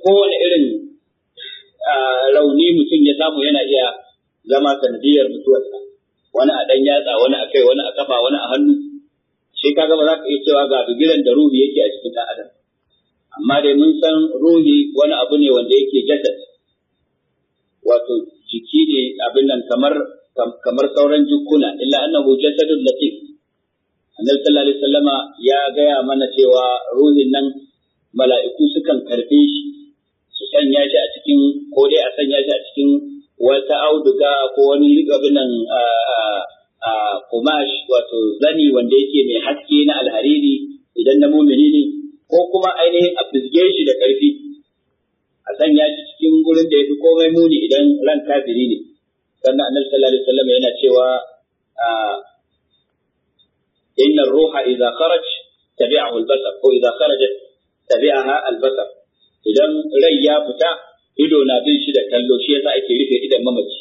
kowane irin rauni mutum ya samu yana iya zama sanadiyar mutuwarsa wani a dan yatsa wani a kai wani a kafa wani a hannu shi kaga ba za ka iya cewa ga gidan da ruhi yake a cikin dan adam amma dai mun san ruhi wani abu ne wanda yake jasad wato jiki ne abin nan kamar kamar sauran jukuna illa annahu jasadun latif annabi sallallahu alaihi wasallama ya gaya mana cewa ruhin nan mala'iku sukan karbe shi su sanya shi a cikin ko dai a sanya shi a cikin wata auduga ko wani rigabin nan a kumash wato zani wanda yake mai haske na alhariri idan na mumini ne ko kuma ainihin a fizge shi da karfi a sanya shi cikin gurin da ya fi komai muni idan ran kafiri ne sannan annabi sallallahu alaihi wasallam yana cewa ah, inna ruha idza kharaj tabi'ahu al-basar ko idza kharaj tabi'aha al-basar idan rai ya fita ido na bin shi da kallo shi yasa ake rufe idan mamaci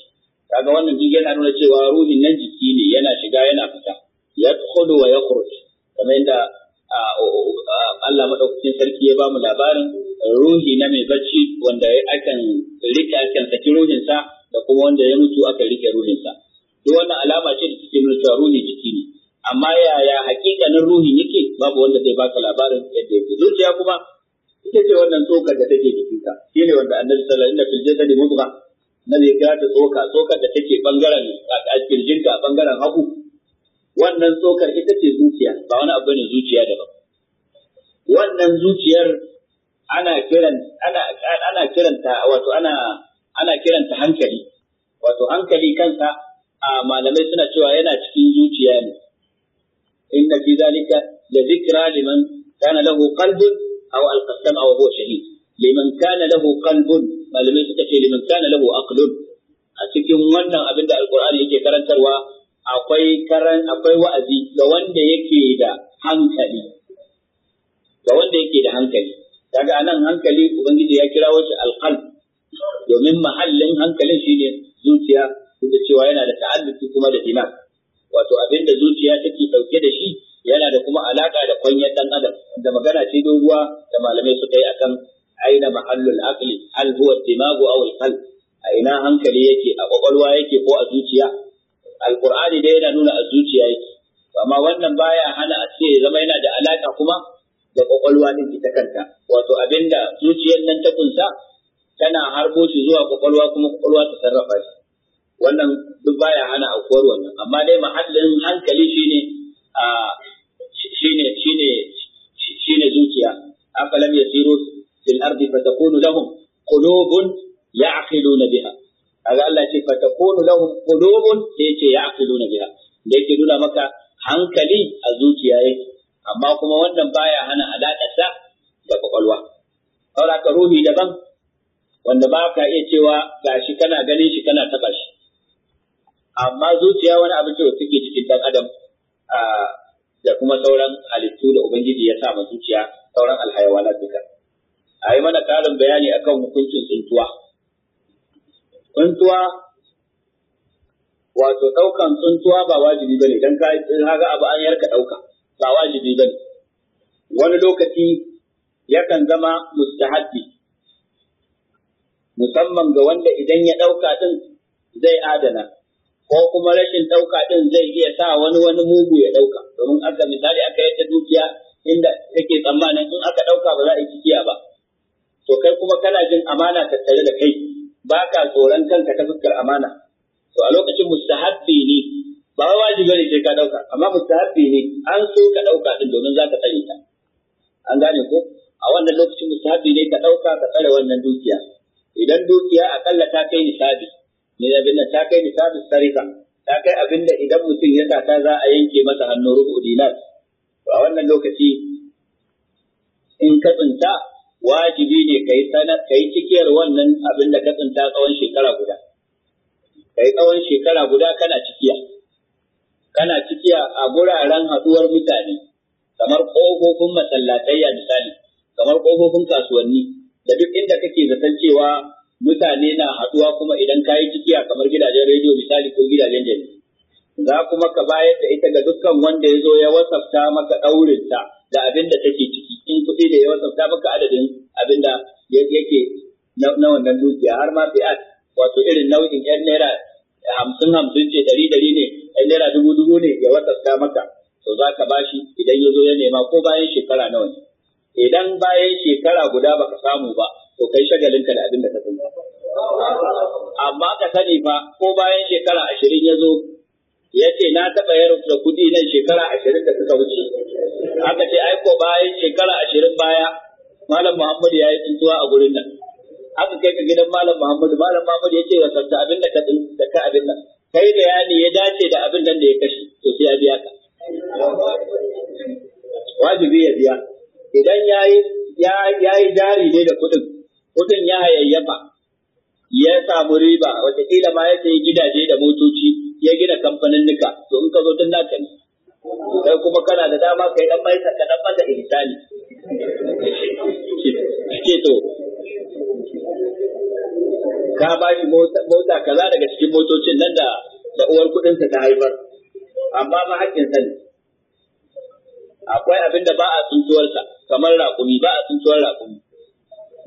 kaga wannan din yana nuna cewa ruhin nan jiki ne yana shiga yana fita yadkhulu wa yakhruj kamar yadda ah, ah, Allah madaukakin sarki ya bamu labarin ruhi na mai bacci wanda akan rika akan saki ruhinsa da kuma wanda ya mutu aka rike ruhinsa duk wannan alama ce da take nuna cewa ruhi jiki ne amma yaya hakikanin ruhi yake babu wanda zai baka labarin yadda yake zuciya kuma ita ce wannan tsokar da take jikinka shi ne wanda annabi sallallahu alaihi wasallam fil jasadi mutuwa. Na ne kira ta tsoka tsokar da take bangaren a kirjinka bangaren hagu wannan tsokar ita ce zuciya ba wani abu ne zuciya daban wannan zuciyar ana kiran ana ana kiranta wato ana ana kiranta hankali wato hankali kansa a malamai suna cewa yana cikin zuciya ne inna fi zalika Da zikra liman kana lahu qalbun aw alqasam aw huwa shahid liman kana lahu qalbun malamai suka ce liman kana lahu aqlun a cikin wannan abin da alqur'ani yake karantarwa akwai karan akwai wa'azi ga wanda yake da hankali ga wanda yake da hankali daga anan hankali ubangiji ya kira wasu alqalb domin mahallin hankalin shine zuciya duk cewa yana da ta'alluki kuma da dimaag wato abin da zuciya take dauke da shi yana da kuma alaka da kwanyar dan adam da magana ce doguwa da malamai suka yi akan aina mahallul aqli hal huwa dimagu aw al a ina hankali yake a kwakwalwa yake ko a zuciya alqur'ani dai yana nuna a zuciya yake amma wannan baya hana a ce zama yana da alaka kuma da kwakwalwa din ita kanta wato abinda zuciyar nan ta kunsa tana harbo shi zuwa kwakwalwa kuma kwakwalwa ta sarrafa shi wannan duk baya hana aukuwar wannan amma dai mahallin hankali shine a shine shine shine zuciya afalam yasiru fil ardi fatakunu lahum qulubun ya'qiluna biha kaga Allah ce fatakunu lahum qulubun sai yace ya'qiluna biha da yake nuna maka hankali a zuciya yake amma kuma wannan baya hana alaƙa sa da kwakwalwa saboda ruhi daban wanda ba ka iya cewa ga shi kana ganin shi kana taɓa shi amma zuciya wani abin da suke cikin dan adam da kuma sauran halittu da ubangiji ya sa ma zuciya sauran alhayawana duka a yi mana ƙarin bayani akan hukuncin tsuntuwa tsuntuwa wato ɗaukan tsuntuwa ba wajibi bane dan ka haga abu an yarka ɗauka ba wajibi bane wani lokaci yakan zama mustahabbi musamman ga wanda idan ya ɗauka ɗin zai adana ko kuma rashin ɗauka ɗin zai iya sa wani wani mugu ya ɗauka domin aka misali aka yadda dukiya inda take tsammanin in aka ɗauka ba za a yi kikiya ba to kai kuma kana jin amana tattare da kai ba ka tsoron kanka ta fuskar amana to a lokacin mustahabbi ne ba wajibi ne sai ka ɗauka amma mustahabbi ne an so ka ɗauka ɗin domin za ka tsare ta an gane ko a wannan lokacin mustahabbi ne ka ɗauka ka tsare wannan dukiya idan dukiya akalla ta kai nisabi ne abin da ta kai nisabin sarika ta kai abin da idan mutum ya sata za a yanke masa hannu rubu dinar a wannan lokaci in ka tsinta wajibi ne ka yi kai cikiyar wannan abin da ka tsinta tsawon shekara guda ka yi tsawon shekara guda kana cikiya kana cikiya a guraren haɗuwar mutane kamar ƙofofin masallatai misali kamar ƙofofin kasuwanni da duk inda kake zaton cewa mutane na haɗuwa kuma idan kayi ciki a kamar gidajen rediyo misali ko gidajen jami za kuma ka bayar da ita ga dukkan wanda ya zo ya wasafta maka ta da abin da take ciki in kuɗi da ya wasafta maka adadin abin da yake na wannan dukiya har ma fi'at wato irin nau'in yan naira hamsin hamsin ce ɗari ɗari ne yan naira dubu dubu ne ya wasafta maka to za ka bashi idan ya zo ya nema ko bayan shekara nawa ne idan bayan shekara guda baka samu ba to kai shagalinka da abin da ka sani amma ka sani fa ko bayan shekara ashirin ya zo ya ce na taɓa ya da kuɗi nan shekara ashirin da suka wuce aka ce ai ko bayan shekara ashirin baya malam muhammadu ya yi tuntuwa a gurin nan aka kai ka gidan malam muhammadu malam muhammadu ya ce wa sarta abin da ka da ka abin nan kai yani ya dace da abin nan da ya kashe to sai ya biya ka wajibi ya biya idan ya yi jari ne da kuɗin kuɗin ya hayayyafa ya samu riba wataƙila ma ya sayi gidaje da motoci ya gina kamfanin nika to in ka zo tun naka ne sai kuma kana da dama kai dan mai ka dan mata ihsani ke to ka ba shi mota kaza daga cikin motocin nan da da uwar kuɗinsa ta haifar amma ma hakkin sa ne akwai abin da ba a sa. kamar raƙumi ba a tsuntuwar raƙumi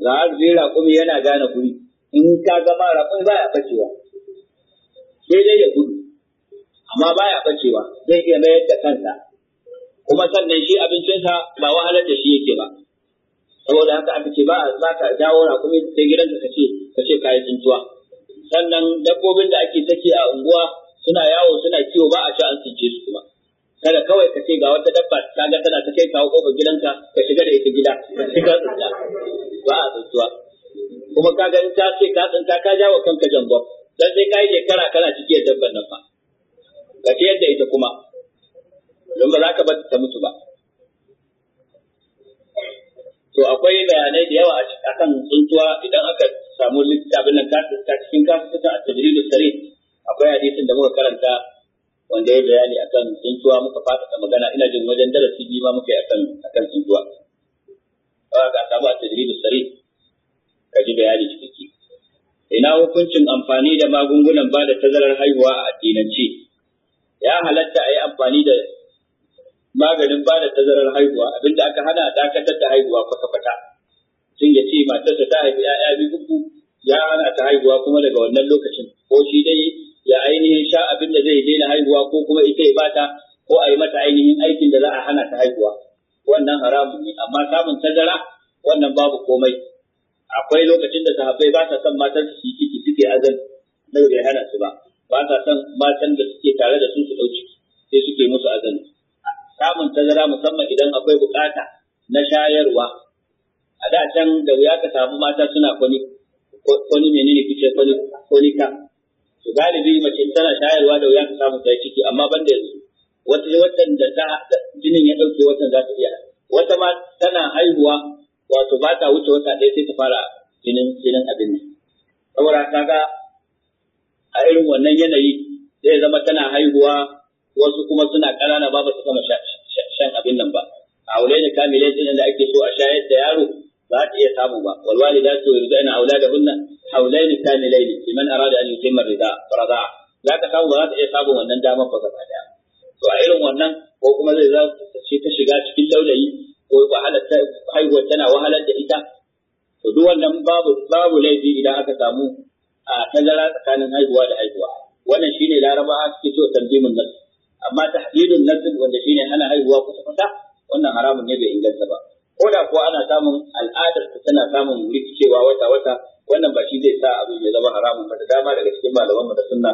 za a zai raƙumi yana gane guri in ka gama raƙumi ba ya facewa sai dai ya gudu amma ba ya facewa zai iya mayar da kansa kuma sannan shi abincinsa ba wahalar da shi yake ba saboda haka aka ce ba a za ka dawo raƙumi sai gidanka ka ce ka ce kayi tuntuwa. sannan dabbobin da ake take a unguwa suna yawo suna kiwo ba a ci an tsince su kuma kada kawai ka ce ga wata dabba ta ga tana ta kai kawo ƙofa gidanka ka shiga da ita gida ka shiga tsinta ba a tsintuwa kuma ka ga ta ce ka tsinta ka jawo kanka jambo dan sai ka yi shekara kana cikin dabban nan fa ka ce yadda ita kuma don ba za ka bar ta mutu ba to akwai bayanai da yawa a kan tsuntuwa idan aka samu littafin nan ka cikin kasu a tajridus sare akwai hadisin da muka karanta wanda ya bayani akan tsuntuwa muka faɗaɗa magana ina jin wajen darasi bi ma muka yi akan akan tsuntuwa kawai ka samu a da sare ka ji bayani cikakke ina hukuncin amfani da magungunan ba da tazarar haihuwa a addinance ya halatta a yi amfani da maganin ba da tazarar haihuwa abinda aka hana dakatar da haihuwa kwata-kwata sun ya ce matarsa ta haifi 'ya'ya biyu ya hana ta haihuwa kuma daga wannan lokacin ko shi dai ya ainihin sha abin da zai daina haihuwa ko kuma ita ya bata ko a yi mata ainihin aikin da za a hana ta haihuwa wannan haramun ne amma samun tazara wannan babu komai akwai lokacin da sahabbai ba sa son matan su yi ciki suke azan nau bai hana su ba ba sa son matan da suke tare da su su dauki sai suke musu azan samun tazara musamman idan akwai bukata na shayarwa a da can da wuya ka samu mata suna kwani kwani menene kice kwani kwani ka galibi mace tana shayarwa da wuya ta samu ta ciki amma ban da wata watan da ta jinin ya dauke watan za ta iya wata ma tana haihuwa wato ba ta wuce wata ɗaya sai ta fara jinin jinin abin nan saboda kaga a irin wannan yanayi zai zama tana haihuwa wasu kuma suna ƙanana ba ba su gama shan abin nan ba a wulai da kamilai da ake so a shayar da yaro ba ta iya samu ba wal walidatu yurdina auladahunna haulain kamilain liman arada an yutimma rida rida za ka samu ba za ta iya samu wannan damar ba gaba daya to a irin wannan ko kuma zai za ta shiga cikin laulayi ko haihuwar tana wahalar da ita to duk wannan babu babu laifi idan aka samu a tazara tsakanin haihuwa da haihuwa wannan shine Laraba suke cewa tanzimin nas amma tahlilun nas wanda shine hana haihuwa kusa kusa wannan haramun ne bai inganta ba ko da kuwa ana samun al'adar ta tana samun rikicewa wata wata wannan ba shi zai sa abu ya zama haramun ba da dama daga cikin malaman mu da sunna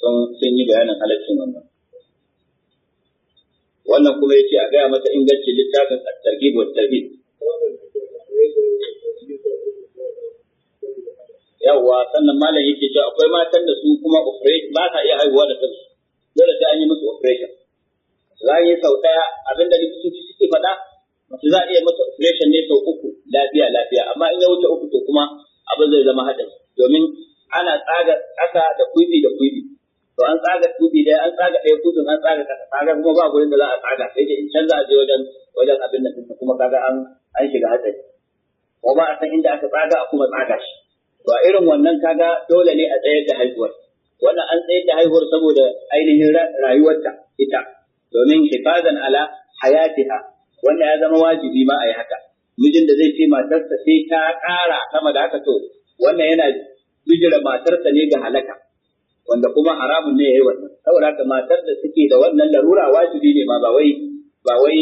sun sun yi bayanin halaccin wannan wannan kuma yace a gaya mata ingancin littafin at-targhib wa tarhib yawwa sannan malam yake cewa akwai matan da su kuma operation ba sa iya haihuwa da kansu dole sai an yi musu operation za sau daya abinda likitoci suke faɗa mace za a iya mata operation ne sau uku lafiya lafiya amma in ya wuce uku to kuma abin zai zama haɗari domin ana tsaga ƙasa da kuɗi da kuɗi, to an tsaga kuɗi ɗaya an tsaga ɗaya kuɗin an tsaga ƙasa tsaga kuma ba gurin da za a tsaga sai dai in canza a je wajen wajen abin da kuma kaga an an shiga hadari ko ba a san inda aka tsaga a kuma tsaga shi to a irin wannan kaga dole ne a tsayar da haihuwar wannan an tsayar da haihuwar saboda ainihin rayuwarta ita domin hifazan ala hayatiha wanda ya zama wajibi ma a yi haka mijin da zai ce matarsa sai ta ƙara sama da haka to wannan yana bijira matarsa ne ga halaka wanda kuma haramun ne yayi wannan saboda haka matar da suke da wannan larura wajibi ne ma ba wai ba wai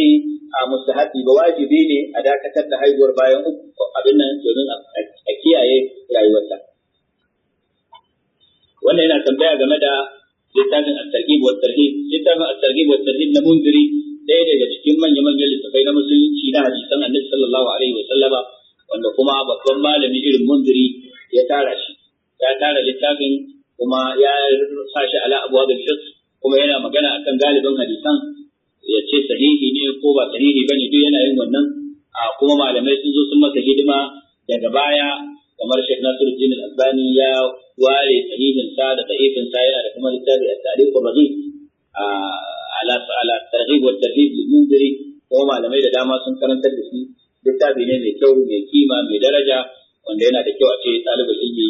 a mustahabi ba wajibi ne a dakatar da haihuwar bayan uku abin nan domin a kiyaye rayuwarta wannan yana tambaya game da littafin at-targhib wa tarhib littafin at-targhib wa tarhib na munziri ɗaya daga cikin manya-manyan littafai na musulunci na hadisan annabi sallallahu alaihi wa sallama wanda kuma babban malami irin munziri ya tara shi ya tara littafin kuma ya sa shi ala abuwa bil kuma yana magana akan galibin hadisan ya ce sahihi ne ko ba sahihi ne? duk yana yin wannan a kuma malamai sun zo sun masa hidima daga baya kamar Sheikh Nasiruddin Al-Albani ya ware sahihin sa da ta'ifinsa yana da kuma littafi a tarikh ko a ala ala targhib wa tarhib lil munziri kuma malamai da dama sun karantar da littafi ne mai kyau mai kima mai daraja wanda yana da kyau a ce ɗalibin ilimi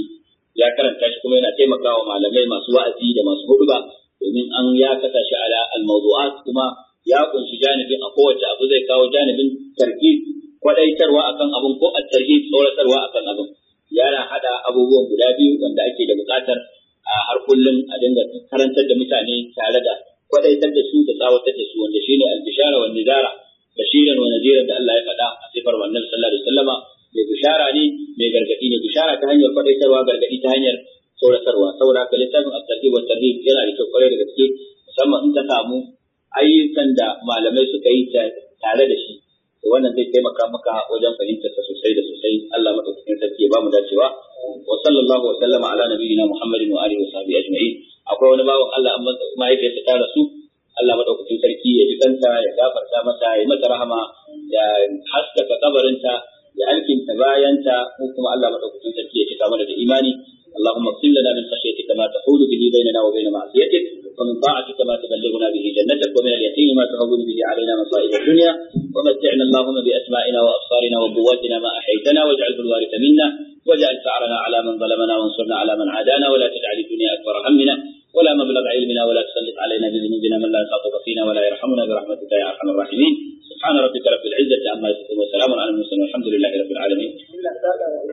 ya karanta shi kuma yana taimakawa malamai masu wa'azi da masu huduba domin an ya kasa shi ala al kuma ya kunshi janibin a kowace abu zai kawo janibin targhib kwadaitarwa akan abun ko at-targhib tsoratarwa akan abun yana hada abubuwan guda biyu wanda ake da bukatar a har kullum a dinga karantar da mutane tare da kwadaitar da su da tsawatar da su wanda shine al-bishara wa nizara bashiran wa nadiran da Allah ya faɗa a sifar wannan sallallahu alaihi wasallama mai bishara ne mai gargadi ne bishara ta hanyar kwadaitarwa gargadi ta hanyar tsoratarwa saboda haka littafin at-tarhib wa tarhib yana da kyau kwarai da gaske musamman in ta samu ayyukan da malamai suka yi tare da shi to wannan zai taimaka maka wajen fahimtar ta sosai da sosai Allah madaukakin sarki ya ba mu dacewa wa sallallahu wa sallama ala nabiyina Muhammadin wa alihi wa sahbihi ajma'in akwai wani bawan Allah amma mahaifiyarsa ta rasu Allah madaukakin sarki ya ji kanta ya gafarta mata ya mata rahama ya haskaka kabarinta ya alkinta bayanta ko kuma Allah madaukakin sarki ya cika mana da imani اللهم اغفر لنا من خشيتك ما تحول به بيننا وبين معصيتك ومن طاعتك ما تبلغنا به جنتك ومن اليقين ما تهون به علينا مصائب الدنيا ومتعنا اللهم باسمائنا وابصارنا وقواتنا ما احييتنا واجعل الوارث منا واجعل ثارنا على من ظلمنا وانصرنا على من عادانا ولا تجعل الدنيا اكبر همنا ولا مبلغ علمنا ولا تسلط علينا بذنوبنا من لا يخاطب فينا ولا يرحمنا برحمتك يا ارحم الراحمين سبحان ربك رب العزه عما يصفون وسلام على المرسلين والحمد لله رب العالمين